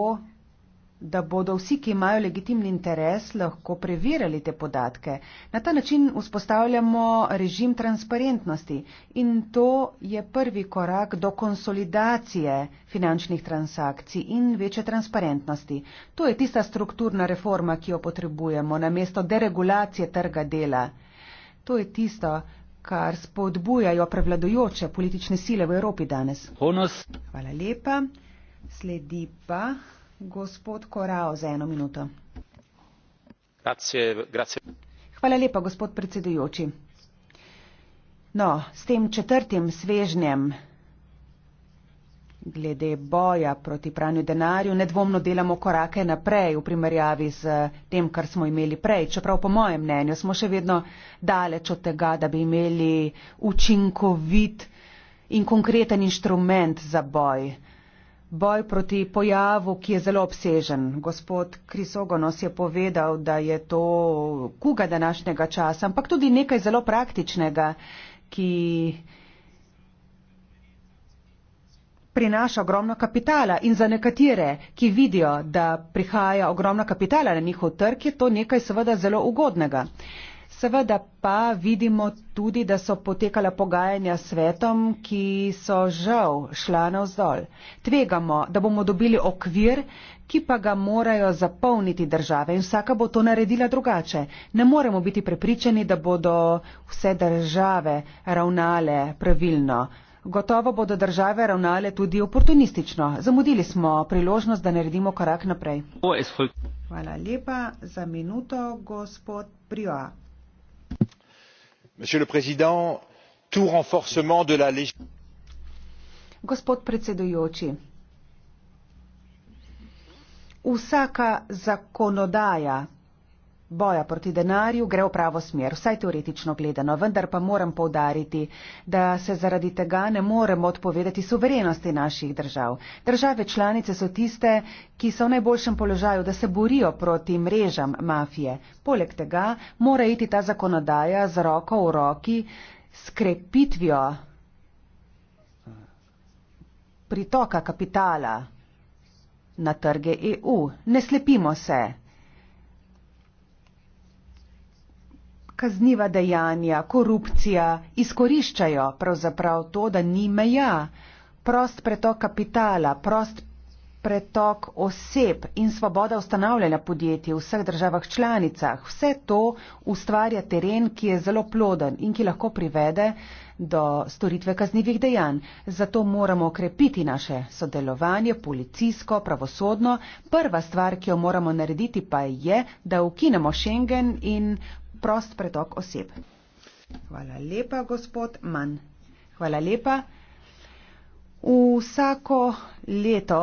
da bodo vsi, ki imajo legitimni interes, lahko preverjali te podatke. Na ta način vzpostavljamo režim transparentnosti in to je prvi korak do konsolidacije finančnih transakcij in večje transparentnosti. To je tista strukturna reforma, ki jo potrebujemo na mesto deregulacije trga dela. To je tisto, kar spodbujajo prevladojoče politične sile v Evropi danes. Honos. Hvala lepa. Sledi pa gospod Korao za eno minuto.
Grazie, grazie.
Hvala lepa, gospod predsedujoči. No, s tem četrtim svežnjem glede boja proti pranju denarju, nedvomno delamo korake naprej v primerjavi z tem, kar smo imeli prej. Čeprav po mojem mnenju smo še vedno daleč od tega, da bi imeli učinkovit in konkreten inštrument za boj. Boj proti pojavu, ki je zelo obsežen. Gospod Krisogonos je povedal, da je to kuga današnjega časa, ampak tudi nekaj zelo praktičnega, ki prinaša ogromno kapitala in za nekatere, ki vidijo, da prihaja ogromno kapitala na njihov trg, je to nekaj seveda zelo ugodnega. Seveda pa vidimo tudi, da so potekala pogajanja s svetom, ki so žal šla navzdol. Tvegamo, da bomo dobili okvir, ki pa ga morajo zapolniti države in vsaka bo to naredila drugače. Ne moremo biti prepričani, da bodo vse države ravnale pravilno. Gotovo bodo države ravnale tudi oportunistično. Zamudili smo priložnost, da naredimo korak naprej. Hvala lepa za minuto, gospod Prioa. Gospod predsedujoči, vsaka zakonodaja, boja proti denarju gre v pravo smer, vsaj teoretično gledano, vendar pa moram povdariti, da se zaradi tega ne moremo odpovedati suverenosti naših držav. Države članice so tiste, ki so v najboljšem položaju, da se borijo proti mrežam mafije. Poleg tega mora iti ta zakonodaja z roko v roki s krepitvijo pritoka kapitala na trge EU. Ne slepimo se. kazniva dejanja, korupcija izkoriščajo pravzaprav to, da ni meja. Prost pretok kapitala, prost pretok oseb in svoboda ustanavljanja podjetij v vseh državah članicah, vse to ustvarja teren, ki je zelo ploden in ki lahko privede do storitve kaznivih dejanj. Zato moramo okrepiti naše sodelovanje policijsko, pravosodno. Prva stvar, ki jo moramo narediti, pa je, da ukinemo Schengen in prost pretok oseb. Hvala lepa, gospod Mann. Hvala lepa. Vsako leto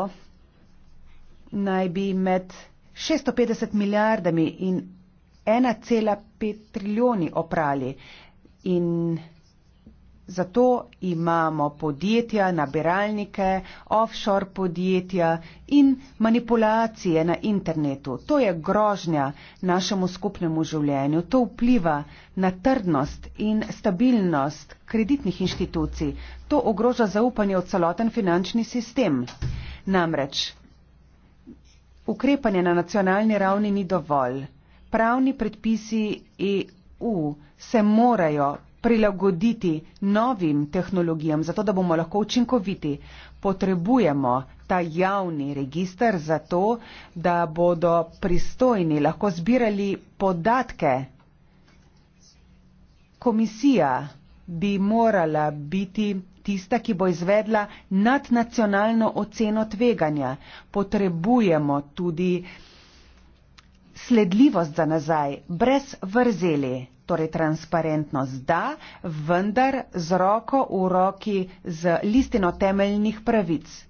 naj bi med 650 milijardami in 1,5 trilijoni oprali in Zato imamo podjetja, nabiralnike, offshore podjetja in manipulacije na internetu. To je grožnja našemu skupnemu življenju. To vpliva na trdnost in stabilnost kreditnih inštitucij. To ogroža zaupanje v celoten finančni sistem. Namreč ukrepanje na nacionalni ravni ni dovolj. Pravni predpisi EU se morajo prilagoditi novim tehnologijam, zato da bomo lahko učinkoviti, potrebujemo ta javni registr zato, da bodo pristojni lahko zbirali podatke. Komisija bi morala biti tista, ki bo izvedla nadnacionalno oceno tveganja. Potrebujemo tudi sledljivost za nazaj, brez vrzeli, torej transparentnost da, vendar z roko v roki z listino temeljnih pravic.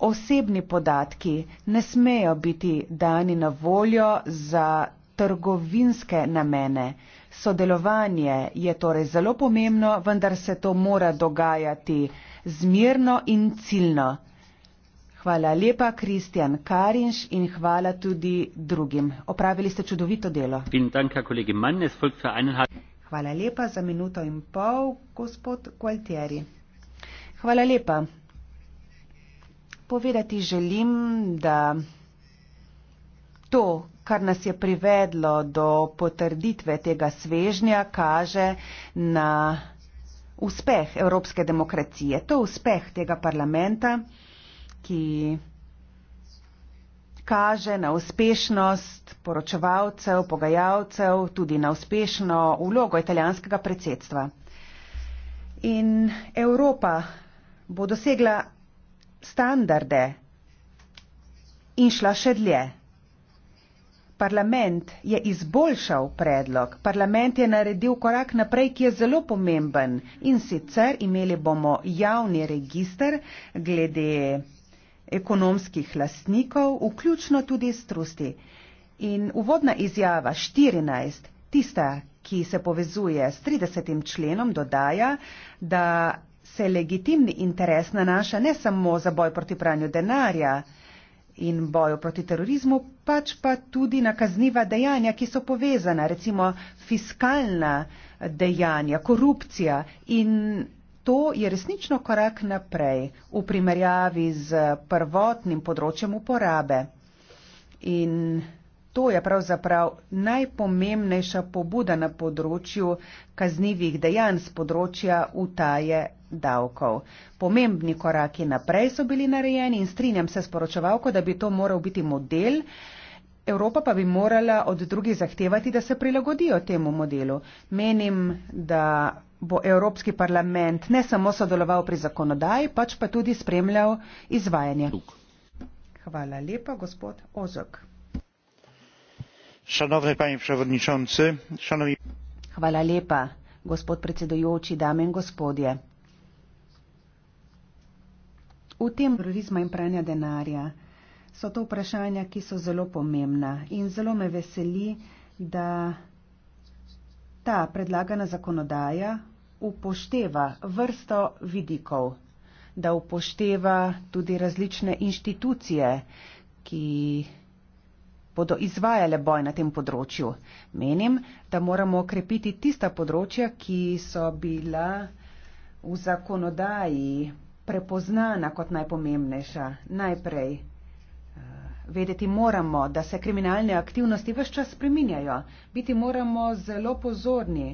Osebni podatki ne smejo biti dani na voljo za trgovinske namene. Sodelovanje je torej zelo pomembno, vendar se to mora dogajati zmirno in ciljno. Hvala lepa, Kristjan Karinš, in hvala tudi drugim. Opravili ste čudovito delo. Hvala lepa za minuto in pol, gospod Gualtieri. Hvala lepa. Povedati želim, da to, kar nas je privedlo do potrditve tega svežnja, kaže na uspeh evropske demokracije. To je uspeh tega parlamenta ki kaže na uspešnost poročevalcev, pogajalcev, tudi na uspešno vlogo italijanskega predsedstva. In Evropa bo dosegla standarde in šla še dlje. Parlament je izboljšal predlog, parlament je naredil korak naprej, ki je zelo pomemben in sicer imeli bomo javni register glede ekonomskih lastnikov, vključno tudi s trusti. In uvodna izjava 14, tista, ki se povezuje s 30. členom, dodaja, da se legitimni interes nanaša ne samo za boj proti pranju denarja in boju proti terorizmu, pač pa tudi na kazniva dejanja, ki so povezana, recimo fiskalna dejanja, korupcija in To je resnično korak naprej v primerjavi z prvotnim področjem uporabe. In to je pravzaprav najpomembnejša pobuda na področju kaznivih dejanj z področja utaje davkov. Pomembni koraki naprej so bili narejeni in strinjam se s poročevalko, da bi to moral biti model. Evropa pa bi morala od drugih zahtevati, da se prilagodijo temu modelu. Menim, da bo Evropski parlament ne samo sodeloval pri zakonodaji, pač pa tudi spremljal izvajanje. Hvala lepa, gospod Ozok.
Šanovni pani prevodničanci, šanovni.
Hvala lepa, gospod predsedujoči, dame in gospodje. V tem terorizma in pranja denarja so to vprašanja, ki so zelo pomembna in zelo me veseli, da ta predlagana zakonodaja upošteva vrsto vidikov, da upošteva tudi različne inštitucije, ki bodo izvajale boj na tem področju. Menim, da moramo okrepiti tista področja, ki so bila v zakonodaji prepoznana kot najpomembnejša. Najprej eh, vedeti moramo, da se kriminalne aktivnosti vse čas spreminjajo. Biti moramo zelo pozorni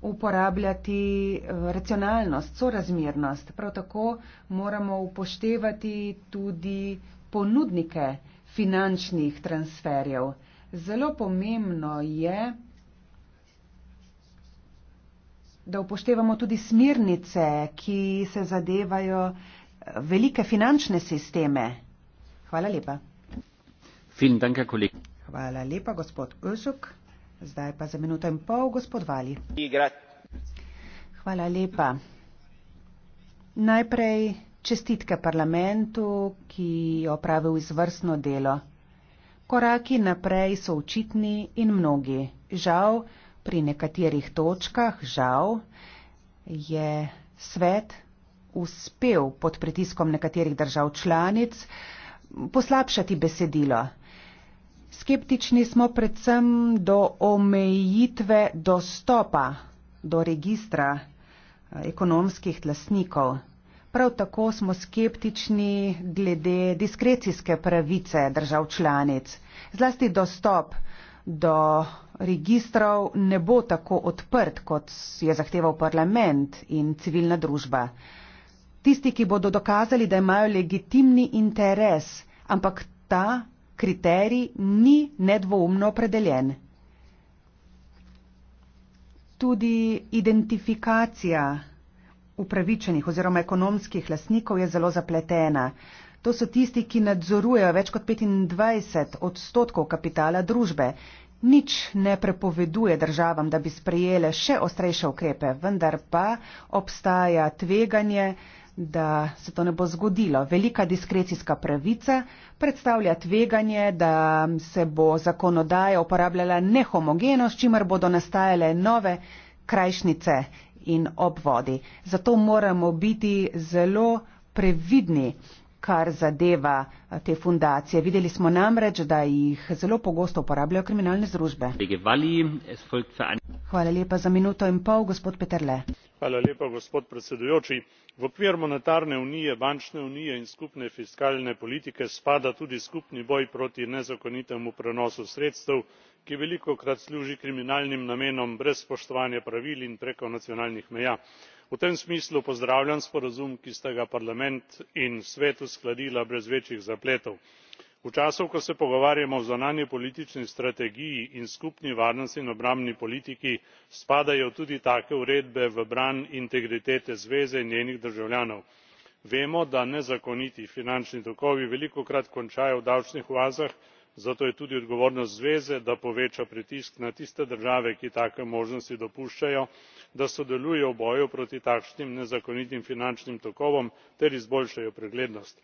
uporabljati eh, racionalnost, sorazmernost. Prav tako moramo upoštevati tudi ponudnike finančnih transferjev. Zelo pomembno je, da upoštevamo tudi smernice, ki se zadevajo eh, velike finančne sisteme. Hvala lepa. Danke, Hvala lepa, gospod Ösuk. Zdaj pa za minuto in pol, gospod Vali. Hvala lepa. Najprej čestitke parlamentu, ki je opravil izvrstno delo. Koraki naprej so očitni in mnogi. Žal, pri nekaterih točkah, žal, je svet uspel pod pritiskom nekaterih držav članic poslabšati besedilo skeptični smo predvsem do omejitve dostopa do registra eh, ekonomskih lasnikov. Prav tako smo skeptični glede diskrecijske pravice držav članic. Zlasti dostop do registrov ne bo tako odprt, kot je zahteval parlament in civilna družba. Tisti, ki bodo dokazali, da imajo legitimni interes, ampak ta kriterij ni nedvoumno opredeljen. Tudi identifikacija upravičenih oziroma ekonomskih lasnikov je zelo zapletena. To so tisti, ki nadzorujejo več kot 25 odstotkov kapitala družbe. Nič ne prepoveduje državam, da bi sprejele še ostrejše ukrepe, vendar pa obstaja tveganje, da se to ne bo zgodilo. Velika diskrecijska pravica predstavlja tveganje, da se bo zakonodaja uporabljala nehomogeno, s čimer bodo nastajale nove krajšnice in obvodi. Zato moramo biti zelo previdni kar zadeva eh, te fundacije. Videli smo namreč, da jih zelo pogosto uporabljajo kriminalne združbe. Hvala lepa za minuto in pol, gospod Peterle.
Hvala lepa, gospod predsedujoči. V okvir monetarne unije, bančne unije in skupne fiskalne politike spada tudi skupni boj proti nezakonitemu prenosu sredstev, ki veliko krat služi kriminalnim namenom brez spoštovanja pravil in preko nacionalnih meja v tem smislu pozdravljam sporazum ki sta ga parlament in svet uskladila brez večjih zapletov. v času ko se pogovarjamo o zunanji politični strategiji in skupni varnostni in obrambni politiki spadajo tudi take uredbe v bran integritete zveze in njenih državljanov. vemo da nezakoniti finančni tokovi velikokrat končajo v davčnih oazah zato je tudi odgovornost zveze da poveča pritisk na tiste države ki take možnosti dopuščajo da sodelujejo v boju proti takšnim nezakonitim finančnim tokovom ter izboljšajo preglednost.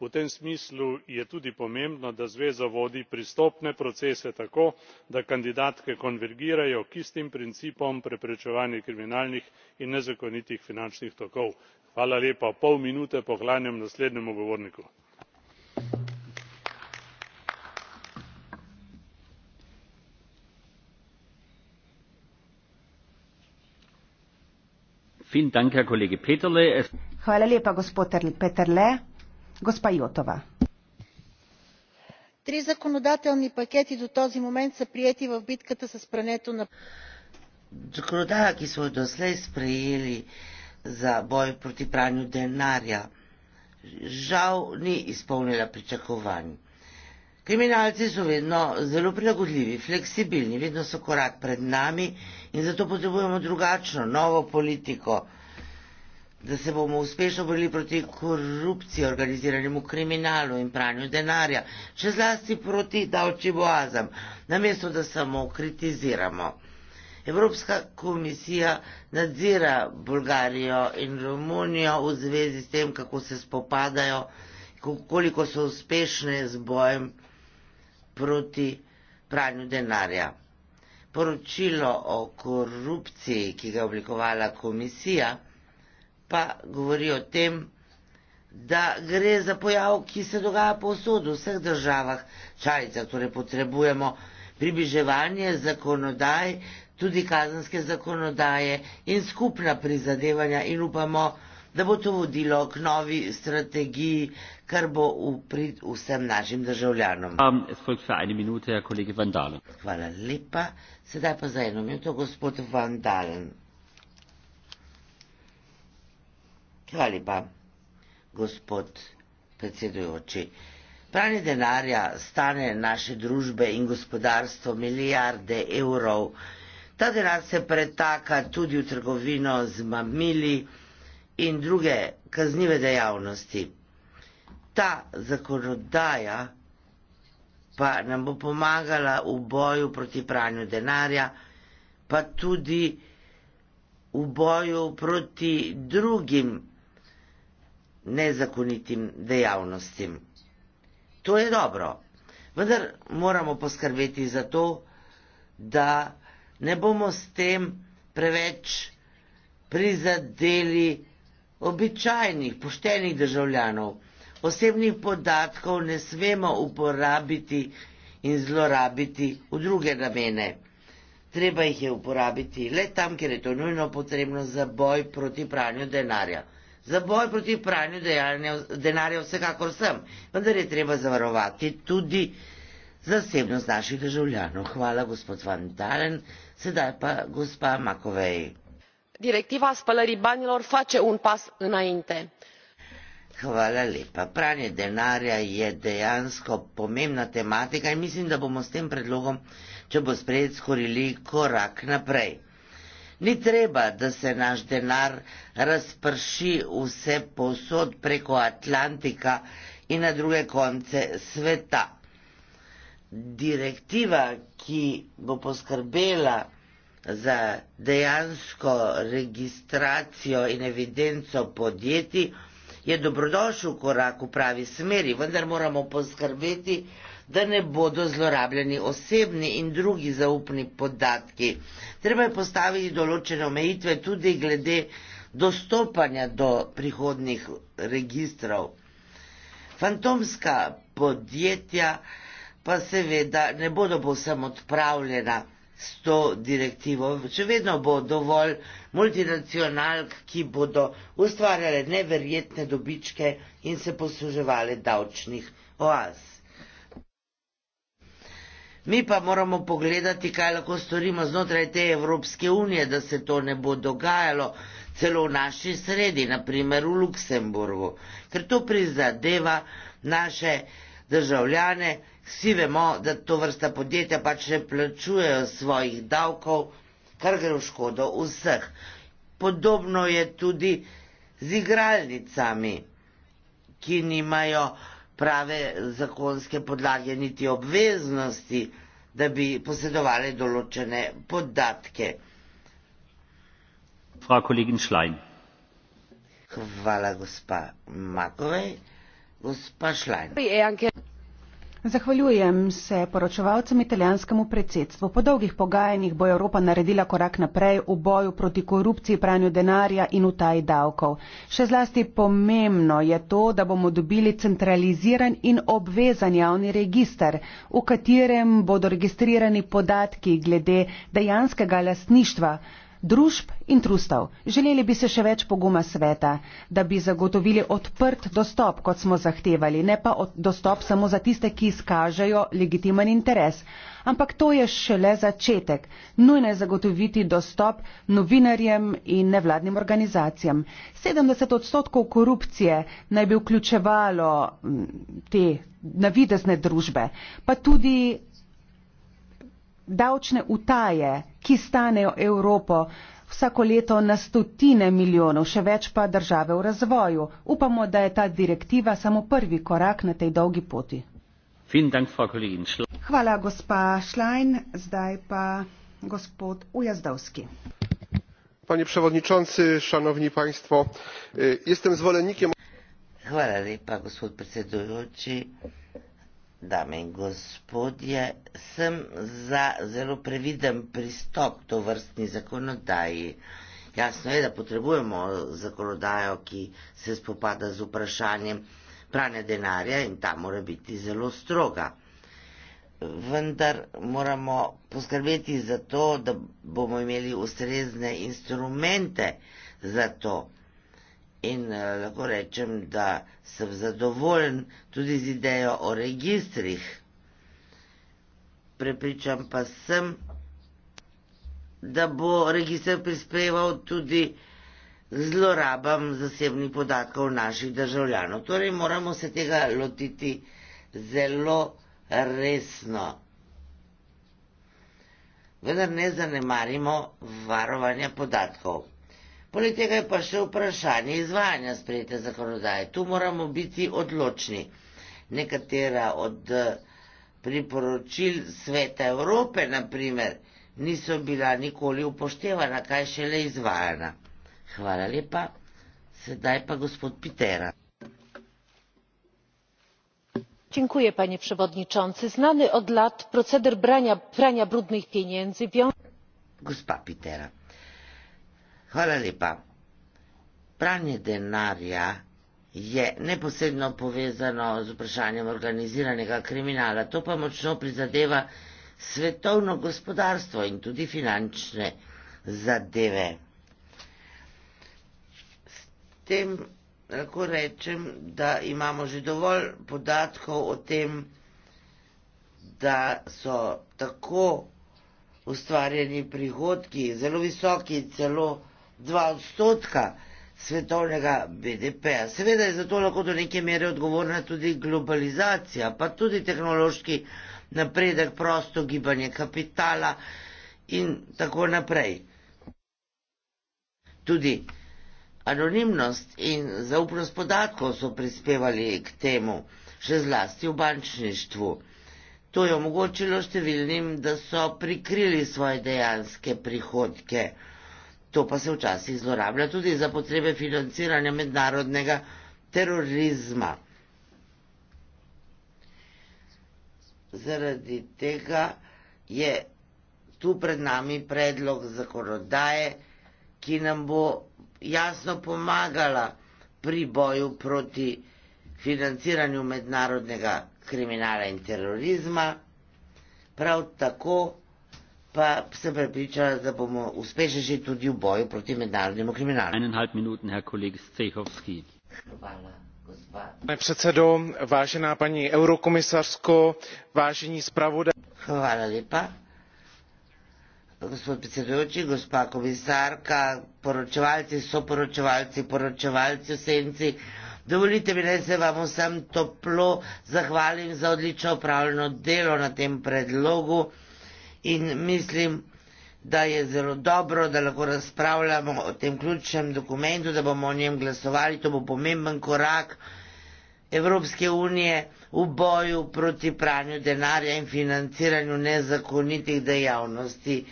v tem smislu je tudi pomembno da zveza vodi pristopne procese tako da kandidatke konvergirajo k istim principom preprečevanja kriminalnih in nezakonitih finančnih tokov. hvala lepa pol minute poklanjam naslednjemu govorniku.
Hvala lepa, gospod Peterle. Gospa
Jotova. Три законодателни пакети до този момент са прияти в битката с прането на... Законодава, ки сме дослед сприели за бой против прането денария, жал ни изпълнила причакования. Kriminalci so vedno zelo prilagodljivi, fleksibilni, vedno so korak pred nami in zato potrebujemo drugačno, novo politiko, da se bomo uspešno borili proti korupciji, organiziranemu kriminalu in pranju denarja, še zlasti proti davčnim oazam, namesto da samo kritiziramo. Evropska komisija nadzira Bolgarijo in Romunijo v zvezi s tem, kako se spopadajo, koliko so uspešne z bojem proti pranju denarja. Poročilo o korupciji, ki ga je oblikovala komisija, pa govori o tem, da gre za pojav, ki se dogaja povsod v vseh državah članicah, torej potrebujemo približevanje zakonodaj, tudi kazenske zakonodaje in skupna prizadevanja in upamo, da bo to vodilo k novi strategiji kar bo v prid vsem našim državljanom. Um, Minute, Hvala lepa. Sedaj pa za eno minuto, gospod Vandalen. Hvala lepa, gospod predsedujoči. Pranje denarja stane naše družbe in gospodarstvo milijarde evrov. Ta denar se pretaka tudi v trgovino z mamili in druge kaznive dejavnosti ta zakonodaja pa nam bo pomagala v boju proti pranju denarja, pa tudi v boju proti drugim nezakonitim dejavnostim. To je dobro, vendar moramo poskrbeti za to, da ne bomo s tem preveč prizadeli običajnih, poštenih državljanov osebnih podatkov ne smemo uporabiti in zlorabiti v druge namene. Treba jih je uporabiti le tam, kjer je to nujno potrebno za boj proti pranju denarja. Za boj proti pranju dejanja, denarja vsekakor sem, vendar je treba zavarovati tudi zasebnost naših državljanov. Hvala, gospod Van Dalen. Sedaj pa gospa Makovej.
Direktiva spălării banilor face un pas înainte.
Hvala lepa. Pranje denarja je dejansko pomembna tematika in mislim, da bomo s tem predlogom, če bo sprejet, skorili korak naprej. Ni treba, da se naš denar razprši vse posod preko Atlantika in na druge konce sveta. Direktiva, ki bo poskrbela za dejansko registracijo in evidenco podjetij, je dobrodošel korak v pravi smeri, vendar moramo poskrbeti, da ne bodo zlorabljeni osebni in drugi zaupni podatki. Treba je postaviti določene omejitve tudi glede dostopanja do prihodnih registrov. Fantomska podjetja pa seveda ne bodo povsem odpravljena s to direktivo. Še vedno bo dovolj multinacionalk, ki bodo ustvarjale neverjetne dobičke in se posluževale davčnih oaz. Mi pa moramo pogledati, kaj lahko storimo znotraj te Evropske unije, da se to ne bo dogajalo celo v naši sredi, naprimer v Luksemburgu, ker to prizadeva naše državljane Vsi vemo, da to vrsta podjetja pač ne plačujejo svojih davkov, kar gre v škodo vseh. Podobno je tudi z igralnicami, ki nimajo prave zakonske podlage niti obveznosti, da bi posedovali določene podatke. Frau Kollegin Schlein. Hvala, gospa Makovej. Gospa Schlein.
Zahvaljujem se poročevalcem italijanskemu predsedstvu. Po dolgih pogajanjih bo Evropa naredila korak naprej v boju proti korupciji, pranju denarja in utaji davkov. Še zlasti pomembno je to, da bomo dobili centraliziran in obvezan javni registr, v katerem bodo registrirani podatki glede dejanskega lastništva družb in trustav. Želeli bi se še več poguma sveta, da bi zagotovili odprt dostop, kot smo zahtevali, ne pa dostop samo za tiste, ki izkažejo legitimen interes. Ampak to je šele začetek. Nujno je zagotoviti dostop novinarjem in nevladnim organizacijam. 70 odstotkov korupcije naj bi vključevalo te navidezne družbe, pa tudi davčne utaje, ki stanejo Evropo vsako leto na stotine milijonov, še več pa države v razvoju. Upamo, da je ta direktiva samo prvi korak na tej dolgi poti. Hvala, gospa Šlajn. Zdaj pa gospod Ujazdovski.
Panie przewodniczący, szanowni państwo, jestem zwolennikiem. Hvala lepa, gospod predsedujoči. Dame in gospodje, sem za zelo previden pristop to vrstni zakonodaji. Jasno je, da potrebujemo zakonodajo, ki se spopada z vprašanjem pranja denarja in ta mora biti zelo stroga. Vendar moramo poskrbeti za to, da bomo imeli ustrezne instrumente za to. In uh, lahko rečem, da sem zadovoljen tudi z idejo o registrih. Prepričan pa sem, da bo registr prispeval tudi zlorabam zasebnih podatkov naših državljanov. Torej moramo se tega lotiti zelo resno. Vendar ne zanemarimo varovanja podatkov. Poleg tega je pa še vprašanje izvajanja sprejete zakonodaje. Tu moramo biti odločni. Nekatera od eh, priporočil Sveta Evrope, naprimer, niso bila nikoli upoštevana, kaj še le izvajana. Hvala lepa. Sedaj pa gospod Pitera. Dziękuję, panie przewodniczący. Znany od lat proceder brania, prania brudnych pieniędzy wiąże. Gospa Pitera. Hvala lepa. Pranje denarja je neposredno povezano z vprašanjem organiziranega kriminala. To pa močno prizadeva svetovno gospodarstvo in tudi finančne zadeve. S tem lahko rečem, da imamo že dovolj podatkov o tem, da so tako ustvarjeni prihodki, zelo visoki celo, dva odstotka svetovnega BDP-ja. Seveda je zato lahko do neke mere odgovorna tudi globalizacija, pa tudi tehnološki napredek, prosto gibanje kapitala in tako naprej. Tudi anonimnost in zaupnost podatkov so prispevali k temu, še zlasti v bančništvu. To je omogočilo številnim, da so prikrili svoje dejanske prihodke. To pa se včasih zlorablja tudi za potrebe financiranja mednarodnega terorizma. Zaradi tega je tu pred nami predlog zakonodaje, ki nam bo jasno pomagala pri boju proti financiranju mednarodnega kriminala in terorizma. Prav tako pa sem prepričala, da bomo uspešni tudi v boju proti mednarodnemu kriminalu.
Minuten, Hvala, gospa. Predsedo,
vážená paní eurokomisarsko, vážení spravodaj. Hvala lepa. Gospod predsedujoči, gospa komisarka, poročevalci, soporočevalci, poročevalci v senci, dovolite mi, da se vam vsem toplo zahvalim za odlično opravljeno delo na tem predlogu in mislim, da je zelo dobro, da lahko razpravljamo o tem ključnem dokumentu, da bomo o njem glasovali. To bo pomemben korak Evropske unije v boju proti pranju denarja in financiranju nezakonitih dejavnosti.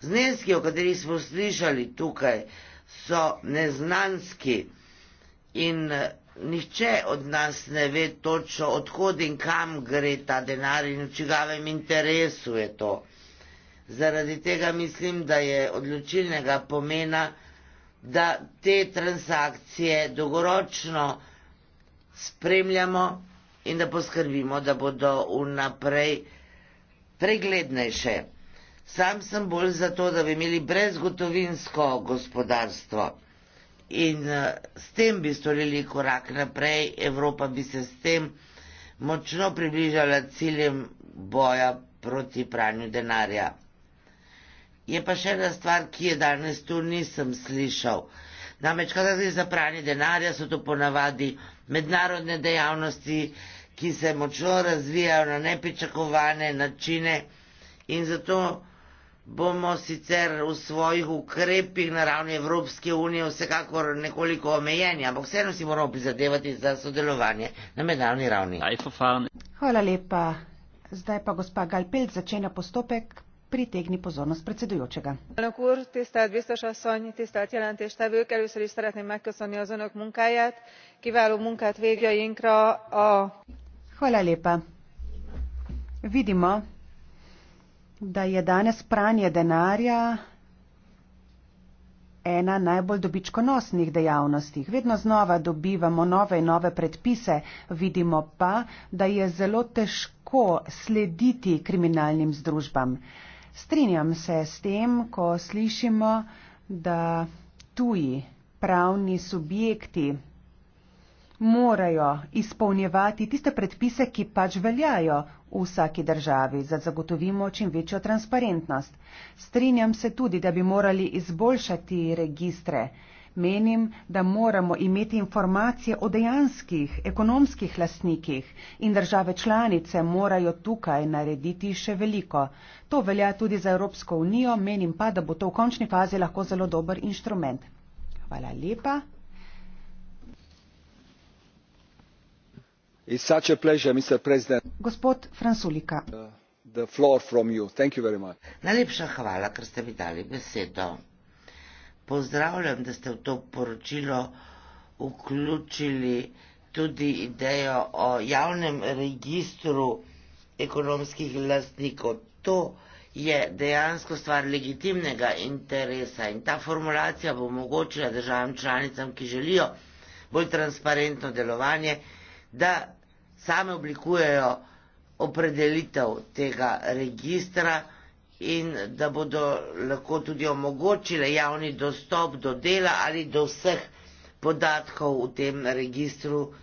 Zneski, o katerih smo slišali tukaj, so neznanski in eh, nihče od nas ne ve točno, odhod in kam gre ta denar in v čigavem interesu je to. Zaradi tega mislim, da je odločilnega pomena, da te transakcije dolgoročno spremljamo in da poskrbimo, da bodo vnaprej preglednejše. Sam sem bolj za to, da bi imeli brezgotovinsko gospodarstvo in eh, s tem bi storili korak naprej, Evropa bi se s tem močno približala ciljem boja proti pranju denarja. Je pa še ena stvar, ki je danes tu nisem slišal. Namreč, kadar gre za pranje denarja, so to ponavadi mednarodne dejavnosti, ki se močno razvijajo na nepričakovane načine in zato bomo sicer v svojih ukrepih na ravni Evropske unije vsekakor nekoliko omejeni, ampak vseeno si moramo prizadevati za sodelovanje na mednarodni ravni.
Hvala lepa. Zdaj pa gospa Galpelt začenja postopek pritegni pozornosť predsedujúcega. elnök úr tisztelt biztos asszony tisztelt jelentéstevők először is szeretném megköszönni az önök munkáját kiváló munkát végjeinkre a. hvala lepa vidimo da je danes pranje denarja ena najbolj dobičkonosnih dejavnosti. Vedno znova dobivamo nove in nove predpise, vidimo pa, da je zelo težko slediti kriminalnim združbam. Strinjam se s tem, ko slišimo, da tuji pravni subjekti morajo izpolnjevati tiste predpise, ki pač veljajo v vsaki državi, da zagotovimo čim večjo transparentnost. Strinjam se tudi, da bi morali izboljšati registre, Menim, da moramo imeti informacije o dejanskih ekonomskih lasnikih in države članice morajo tukaj narediti še veliko. To velja tudi za Evropsko unijo, menim pa, da bo to v končni fazi lahko zelo dober inštrument. Hvala lepa.
Pleasure,
Gospod Fransulika.
Uh, Najlepša hvala, ker ste mi dali besedo pozdravljam, da ste v to poročilo vključili tudi idejo o javnem registru ekonomskih lastnikov. To je dejansko stvar legitimnega interesa in ta formulacija bo omogočila državam članicam, ki želijo bolj transparentno delovanje, da same oblikujejo opredelitev tega registra in da bodo lahko tudi omogočile javni dostop do dela ali do vseh podatkov v tem registru.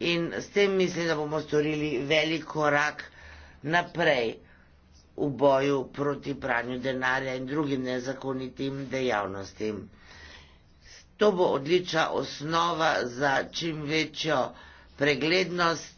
In s tem mislim, da bomo storili velik korak naprej v boju proti pranju denarja in drugim nezakonitim dejavnostim. To bo odlična osnova za čim večjo preglednost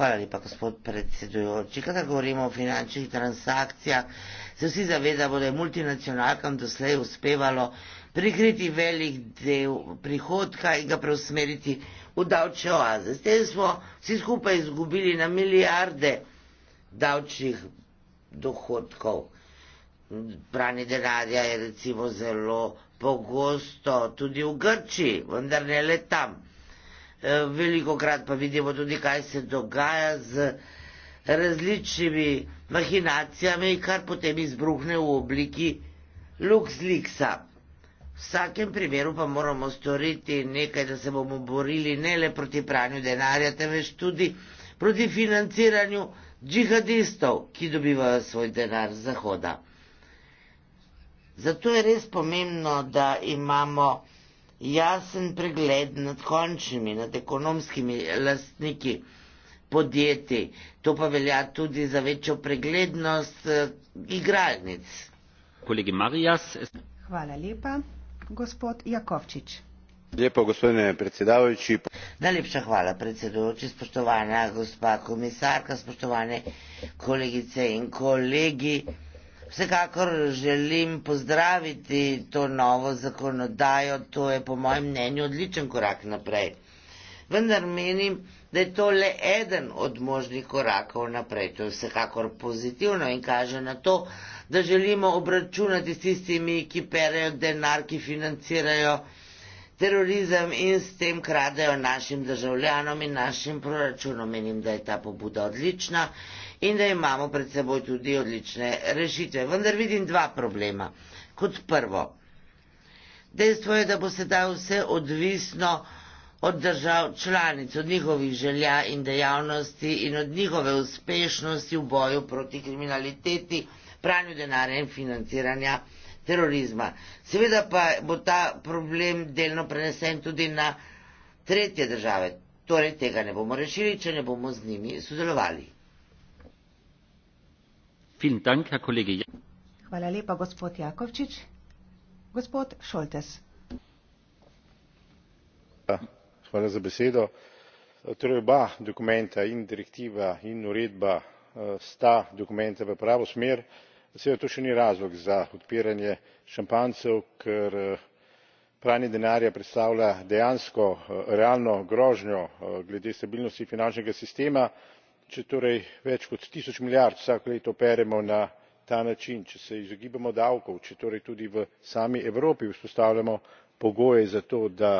Hvala lepa, gospod predsedujoči. Kada govorimo o finančnih transakcijah, se vsi zavedamo, da je multinacionalkam doslej uspevalo prikriti velik del prihodka in ga preusmeriti v davčne oaze. S tem smo vsi skupaj izgubili na milijarde davčnih dohodkov. Pranje denarja je recimo zelo pogosto tudi v Grčiji, vendar ne le tam. Eh, veliko krat pa vidimo tudi, kaj se dogaja z različnimi mahinacijami, kar potem izbruhne v obliki luksliksa. V vsakem primeru pa moramo storiti nekaj, da se bomo borili ne le proti pranju denarja, temveč tudi proti financiranju džihadistov, ki dobivajo svoj denar z Zahoda. Zato je res pomembno, da imamo jasen pregled nad končnimi, nad ekonomskimi lastniki podjetij. To pa velja tudi za večjo preglednost eh, igralnic. Kolegi Marijas.
Hvala lepa,
gospod Jakovčič. Lepo, gospodine predsedavajoči. Najlepša hvala, predsedujoči, spoštovana gospa komisarka, spoštovane kolegice in kolegi. Vsekakor želim pozdraviti to novo zakonodajo, to je po mojem mnenju odličen korak naprej. Vendar menim, da je to le eden od možnih korakov naprej. To je vsekakor pozitivno in kaže na to, da želimo obračunati s tistimi, ki perejo denar, ki financirajo terorizem in s tem kradejo našim državljanom in našim proračunom. Menim, da je ta pobuda odlična in da imamo pred seboj tudi odlične rešitve. Vendar vidim dva problema. Kot prvo, dejstvo je, da bo sedaj vse odvisno od držav članic, od njihovih želja in dejavnosti in od njihove uspešnosti v boju proti kriminaliteti, pranju denarja in financiranja terorizma. Seveda pa bo ta problem delno prenesen tudi na tretje države. Torej tega ne bomo rešili, če ne bomo z njimi sodelovali.
Ja-
hvala lepa, gospod Jakovčič. Gospod Šoltes.
Ja, hvala za besedo. Torej oba dokumenta in direktiva in uredba eh, sta dokumenta v pravo smer. Seveda to še ni razlog za odpiranje šampancev, ker eh, pranje denarja predstavlja dejansko eh, realno grožnjo glede stabilnosti finančnega sistema če torej več kot tisoč milijard vsako leto operemo na ta način če se izogibamo davkom če torej tudi v sami evropi vzpostavljamo pogoje za to da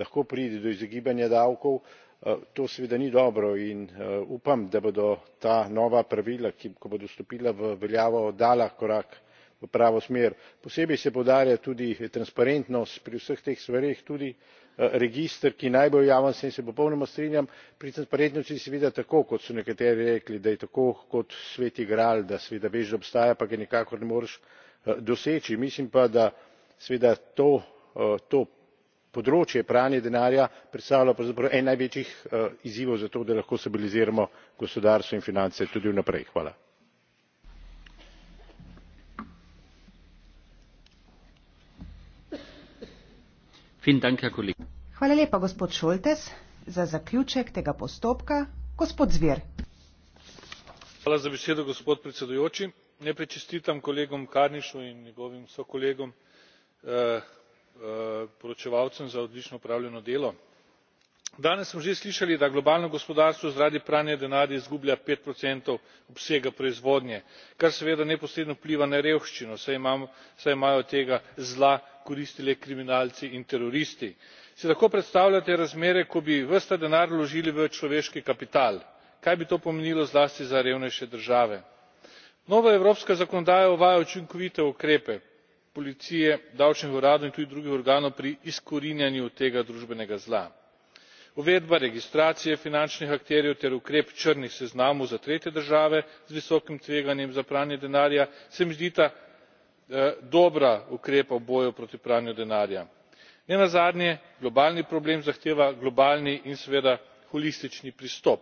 lahko pride do izogibanja davkov eh, to seveda ni dobro in eh, upam da bodo ta nova pravila ko bodo stopila v veljavo dala korak v pravo smer. posebej se poudarja tudi transparentnost pri vseh teh stvareh tudi Eh, register ki naj bo javen s tem se popolnoma strinjam pri transparentnosti seveda tako kot so nekateri rekli da je tako kot sveti gral da seveda veš da obstaja pa ga nikakor ne moreš eh, doseči mislim pa da seveda to eh, področje pranje denarja predstavlja pravzaprav en največjih izzivov za to da lahko stabiliziramo gospodarstvo in
finance tudi vnaprej.
Hvala lepa, gospod Šoltes, za zaključek tega postopka. Gospod Zver.
Hvala za besedo, gospod predsedujoči. Ne prečestitam kolegom Karnišu in njegovim sokolegom, eh, eh, poročevalcem za odlično upravljeno delo. Danes smo že slišali, da globalno gospodarstvo zaradi pranja denarja izgublja pet obsega proizvodnje kar seveda neposredno vpliva na revščino saj imajo od tega zla koristi le kriminalci in teroristi si lahko predstavljate razmere ko bi ves ta denar vložili v človeški kapital kaj bi to pomenilo zlasti za revnejše države. nova evropska zakonodaja uvaja učinkovite ukrepe policije davčnih uradov in tudi drugih organov pri izkoreninjanju tega družbenega zla. uvedba registracije finančnih akterjev ter ukrep črnih seznamov za tretje države z visokim tveganjem za pranje denarja se mi zdita eh, dobra ukrepa v boju proti pranju denarja nenazadnje globalni problem zahteva globalni in seveda holistični pristop.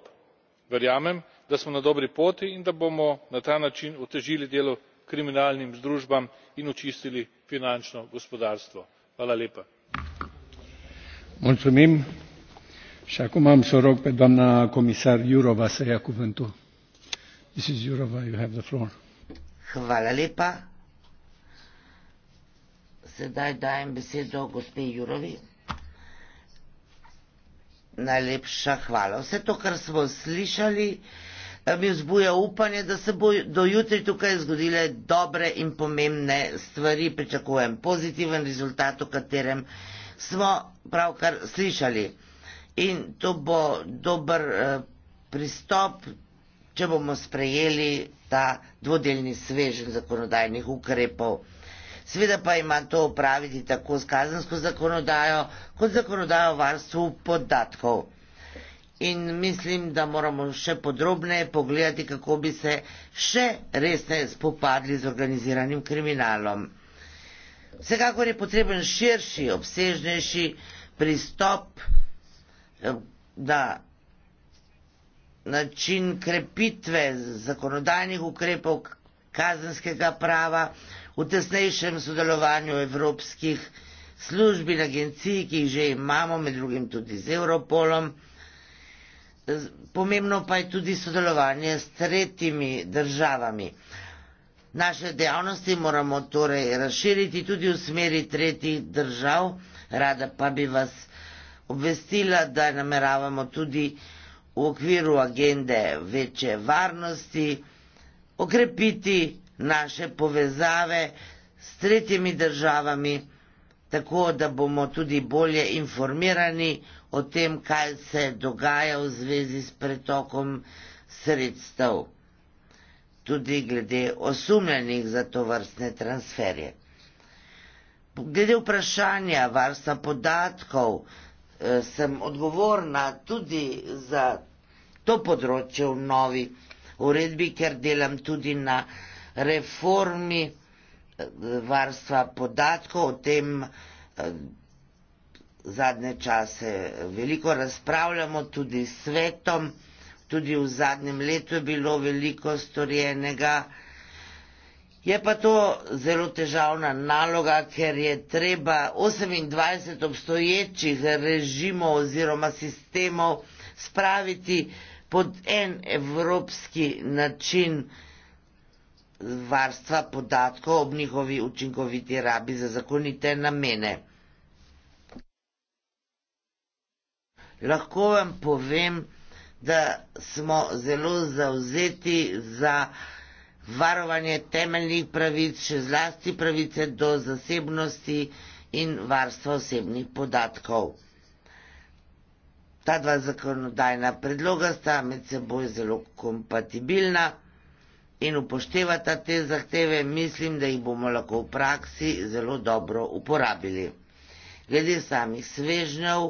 verjamem da smo na dobri poti in da bomo na ta način otežili delo kriminalnim združbam in očistili finančno gospodarstvo
sedaj dajem besedo gospe Jurovi. Najlepša hvala. Vse to, kar smo slišali, eh, mi vzbuja upanje, da se bo do jutri tukaj zgodile dobre in pomembne stvari. Pričakujem pozitiven rezultat, o katerem smo pravkar slišali. In to bo dober eh, pristop, če bomo sprejeli ta dvodelni svežen zakonodajnih ukrepov. Seveda pa ima to upraviti tako s kazensko zakonodajo, kot zakonodajo o varstvu podatkov. In mislim, da moramo še podrobneje pogledati, kako bi se še resneje spopadli z organiziranim kriminalom. Vsekakor je potreben širši, obsežnejši pristop na eh, način krepitve zakonodajnih ukrepov kazenskega prava v tesnejšem sodelovanju evropskih služb in agencij, ki jih že imamo, med drugim tudi z Europolom. Pomembno pa je tudi sodelovanje s tretjimi državami. Naše dejavnosti moramo torej razširiti tudi v smeri tretjih držav, rada pa bi vas obvestila, da nameravamo tudi v okviru agende večje varnosti okrepiti naše povezave s tretjimi državami, tako da bomo tudi bolje informirani o tem, kaj se dogaja v zvezi s pretokom sredstev, tudi glede osumljenih za to vrstne transferje. Glede vprašanja varstva podatkov eh, sem odgovorna tudi za to področje v novi uredbi, ker delam tudi na reformi eh, varstva podatkov, o tem eh, zadnje čase veliko razpravljamo, tudi s svetom, tudi v zadnjem letu je bilo veliko storjenega. Je pa to zelo težavna naloga, ker je treba 28 obstoječih režimov oziroma sistemov spraviti pod en evropski način varstva podatkov ob njihovi učinkoviti rabi za zakonite namene. Lahko vam povem, da smo zelo zauzeti za varovanje temeljnih pravic, še zlasti pravice do zasebnosti in varstva osebnih podatkov. Ta dva zakonodajna predloga sta med seboj zelo kompatibilna in upoštevata te zahteve, mislim, da jih bomo lahko v praksi zelo dobro uporabili. Glede samih svežnjev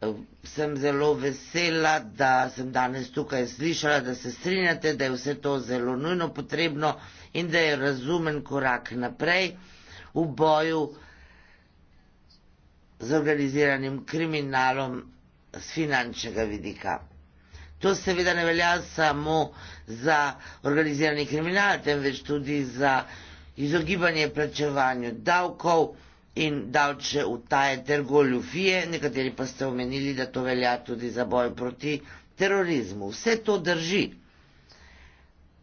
eh, sem zelo vesela, da sem danes tukaj slišala, da se strinjate, da je vse to zelo nujno potrebno in da je razumen korak naprej v boju z organiziranim kriminalom z finančnega vidika. To seveda ne velja samo za organizirani kriminal, temveč tudi za izogibanje plačevanju davkov in davče utaje ter goljufije. Nekateri pa ste omenili, da to velja tudi za boj proti terorizmu. Vse to drži.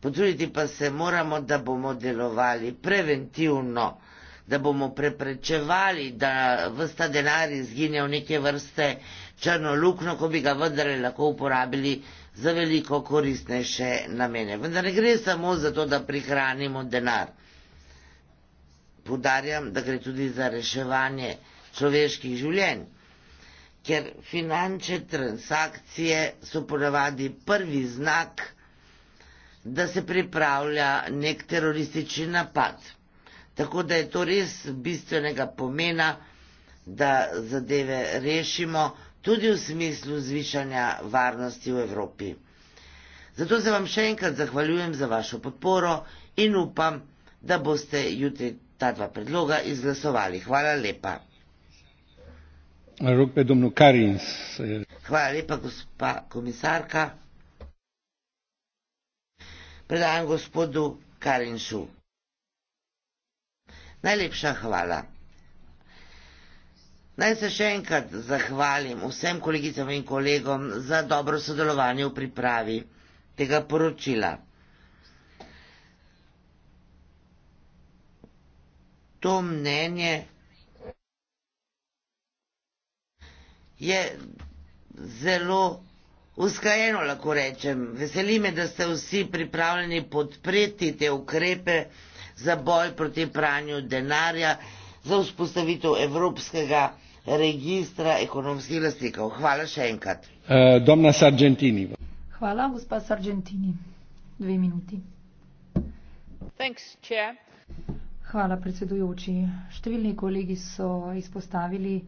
Potruditi pa se moramo, da bomo delovali preventivno, da bomo preprečevali, da vsta denar izgine v neke vrste črno luknjo, ko bi ga vendarle lahko uporabili za veliko koristnejše namene. Vendar ne gre samo za to, da prihranimo denar. Podarjam, da gre tudi za reševanje človeških življenj, ker finančne transakcije so ponavadi prvi znak, da se pripravlja nek teroristični napad. Tako da je to res bistvenega pomena, da zadeve rešimo, tudi v smislu zvišanja varnosti v Evropi. Zato se vam še enkrat zahvaljujem za vašo podporo in upam, da boste jutri ta dva predloga izglasovali. Hvala lepa. Hvala lepa, gospa komisarka. Predajam gospodu Karinšu. Najlepša hvala. Naj se še enkrat zahvalim vsem kolegicam in kolegom za dobro sodelovanje v pripravi tega poročila. To mnenje je zelo usklajeno, lahko rečem. Veseli me, da ste vsi pripravljeni podpreti te ukrepe za boj proti pranju denarja, za vzpostavitev evropskega registra ekonomskih lastnikov. Hvala še enkrat.
Uh, domna Sargentini.
Hvala, gospa Sargentini. Dve minuti. Thanks, Hvala, predsedujoči. Številni kolegi so izpostavili,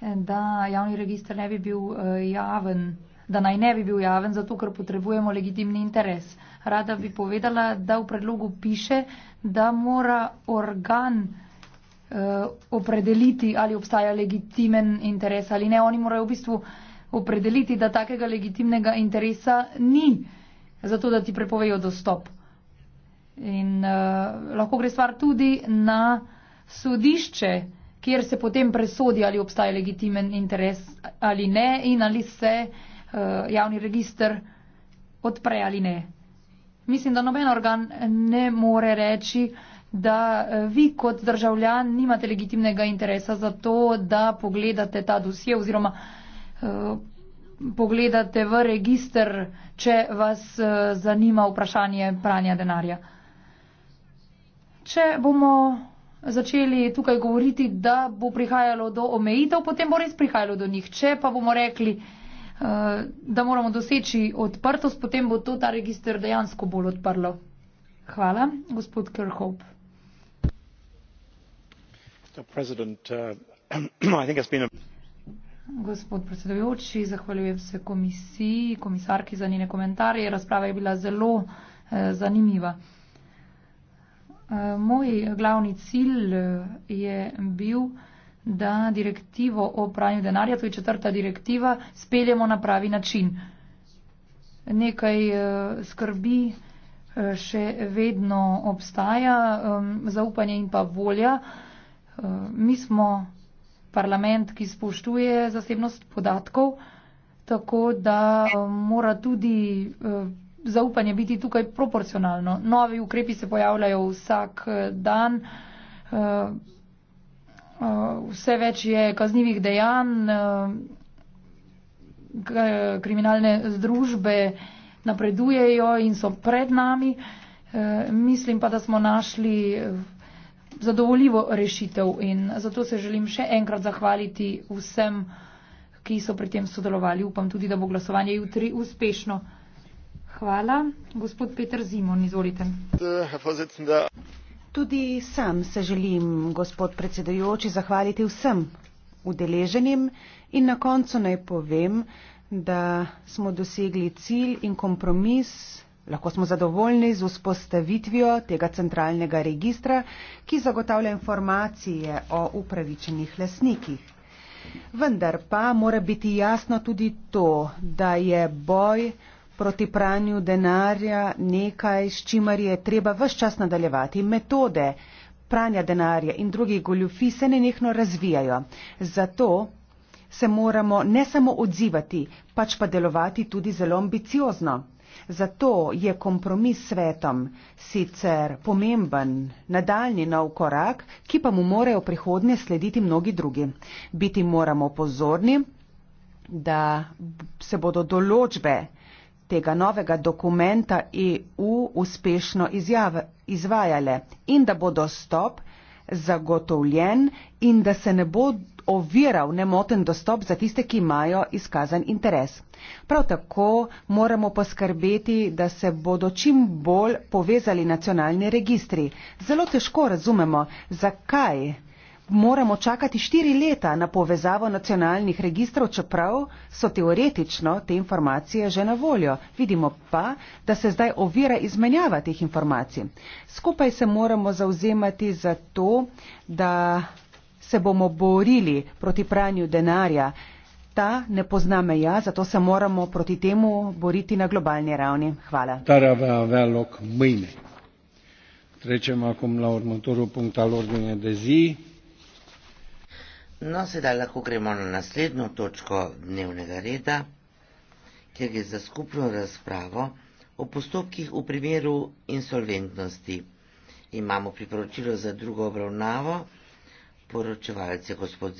da javni registr ne bi bil e, javen, da naj ne bi bil javen, zato ker potrebujemo legitimni interes. Rada bi povedala, da v predlogu piše, da mora organ Eh, opredeliti, ali obstaja legitimen interes ali ne. Oni morajo v bistvu opredeliti, da takega legitimnega interesa ni, zato da ti prepovejo dostop. In uh, lahko gre stvar tudi na sodišče, kjer se potem presodi, ali obstaja legitimen interes ali ne in ali se uh, javni register odpre ali ne. Mislim, da noben organ ne more reči, uh, da eh, vi kot državljan nimate legitimnega interesa za to, da pogledate ta dosje oziroma eh, pogledate v register, če vas eh, zanima vprašanje pranja denarja. Če bomo začeli tukaj govoriti, da bo prihajalo do omejitev, potem bo res prihajalo do njih. Če pa bomo rekli, da moramo doseči odprtost, potem bo to ta register dejansko bolj odprlo. Hvala, gospod Kerhope.
Uh,
gospod predsedujoči zahvaljujem se komisiji komisarki za njene komentarje razprava je bila zelo eh, zanimiva eh, moj glavni cilj eh, je bil da direktivo o pranju denarja to je četrta direktiva speljemo na pravi način nekaj skrbi še vedno obstaja zaupanje in pa volja Eh, mi smo parlament, ki spoštuje zasebnost podatkov, tako da eh, mora tudi eh, zaupanje biti tukaj proporcionalno. Novi ukrepi se pojavljajo vsak dan. Vse več je kaznjivih dejanj, kriminalne združbe napredujejo in so pred nami. Mislim pa, da smo našli zadovoljivo rešitev in zato se želim še enkrat zahvaliti vsem, ki so pri tem sodelovali. Upam tudi, da bo glasovanje jutri uspešno. Hvala. Gospod Peter
Zimon, izvolite. Tudi sam se želim, gospod predsedujoči, zahvaliti vsem udeleženim in na koncu naj povem, da smo dosegli cilj in kompromis Lahko smo zadovoljni z vzpostavitvijo tega centralnega registra, ki zagotavlja informacije o upravičenih lasnikih. Vendar pa mora biti jasno tudi to, da je boj proti pranju denarja nekaj, s čimer je treba vse čas nadaljevati. Metode pranja denarja in drugih goljufi se nenehno razvijajo. Zato se moramo ne samo odzivati, pač pa delovati tudi zelo ambiciozno. Zato je kompromis s svetom sicer pomemben nadaljni nov korak, ki pa mu morajo prihodnje slediti mnogi drugi. Biti moramo pozorni, da se bodo določbe tega novega dokumenta EU uspešno izjave, izvajale in da bo dostop zagotovljen in da se ne bodo oviral nemoten dostop za tiste, ki imajo izkazan interes. Prav tako moramo poskrbeti, da se bodo čim bolj povezali nacionalni registri. Zelo težko razumemo, zakaj moramo čakati štiri leta na povezavo nacionalnih registrov, čeprav so teoretično te informacije že na voljo. Vidimo pa, da se zdaj ovira izmenjava teh informacij. Skupaj se moramo zauzemati za to, da se bomo borili proti pranju denarja. Ta ne pozna meja, zato se moramo proti temu boriti na globalni ravni. Hvala.
No, sedaj lahko gremo na naslednjo točko dnevnega reda, kjer je za skupno razpravo o postopkih v primeru insolventnosti. Imamo priporočilo za drugo obravnavo poročevalce gospod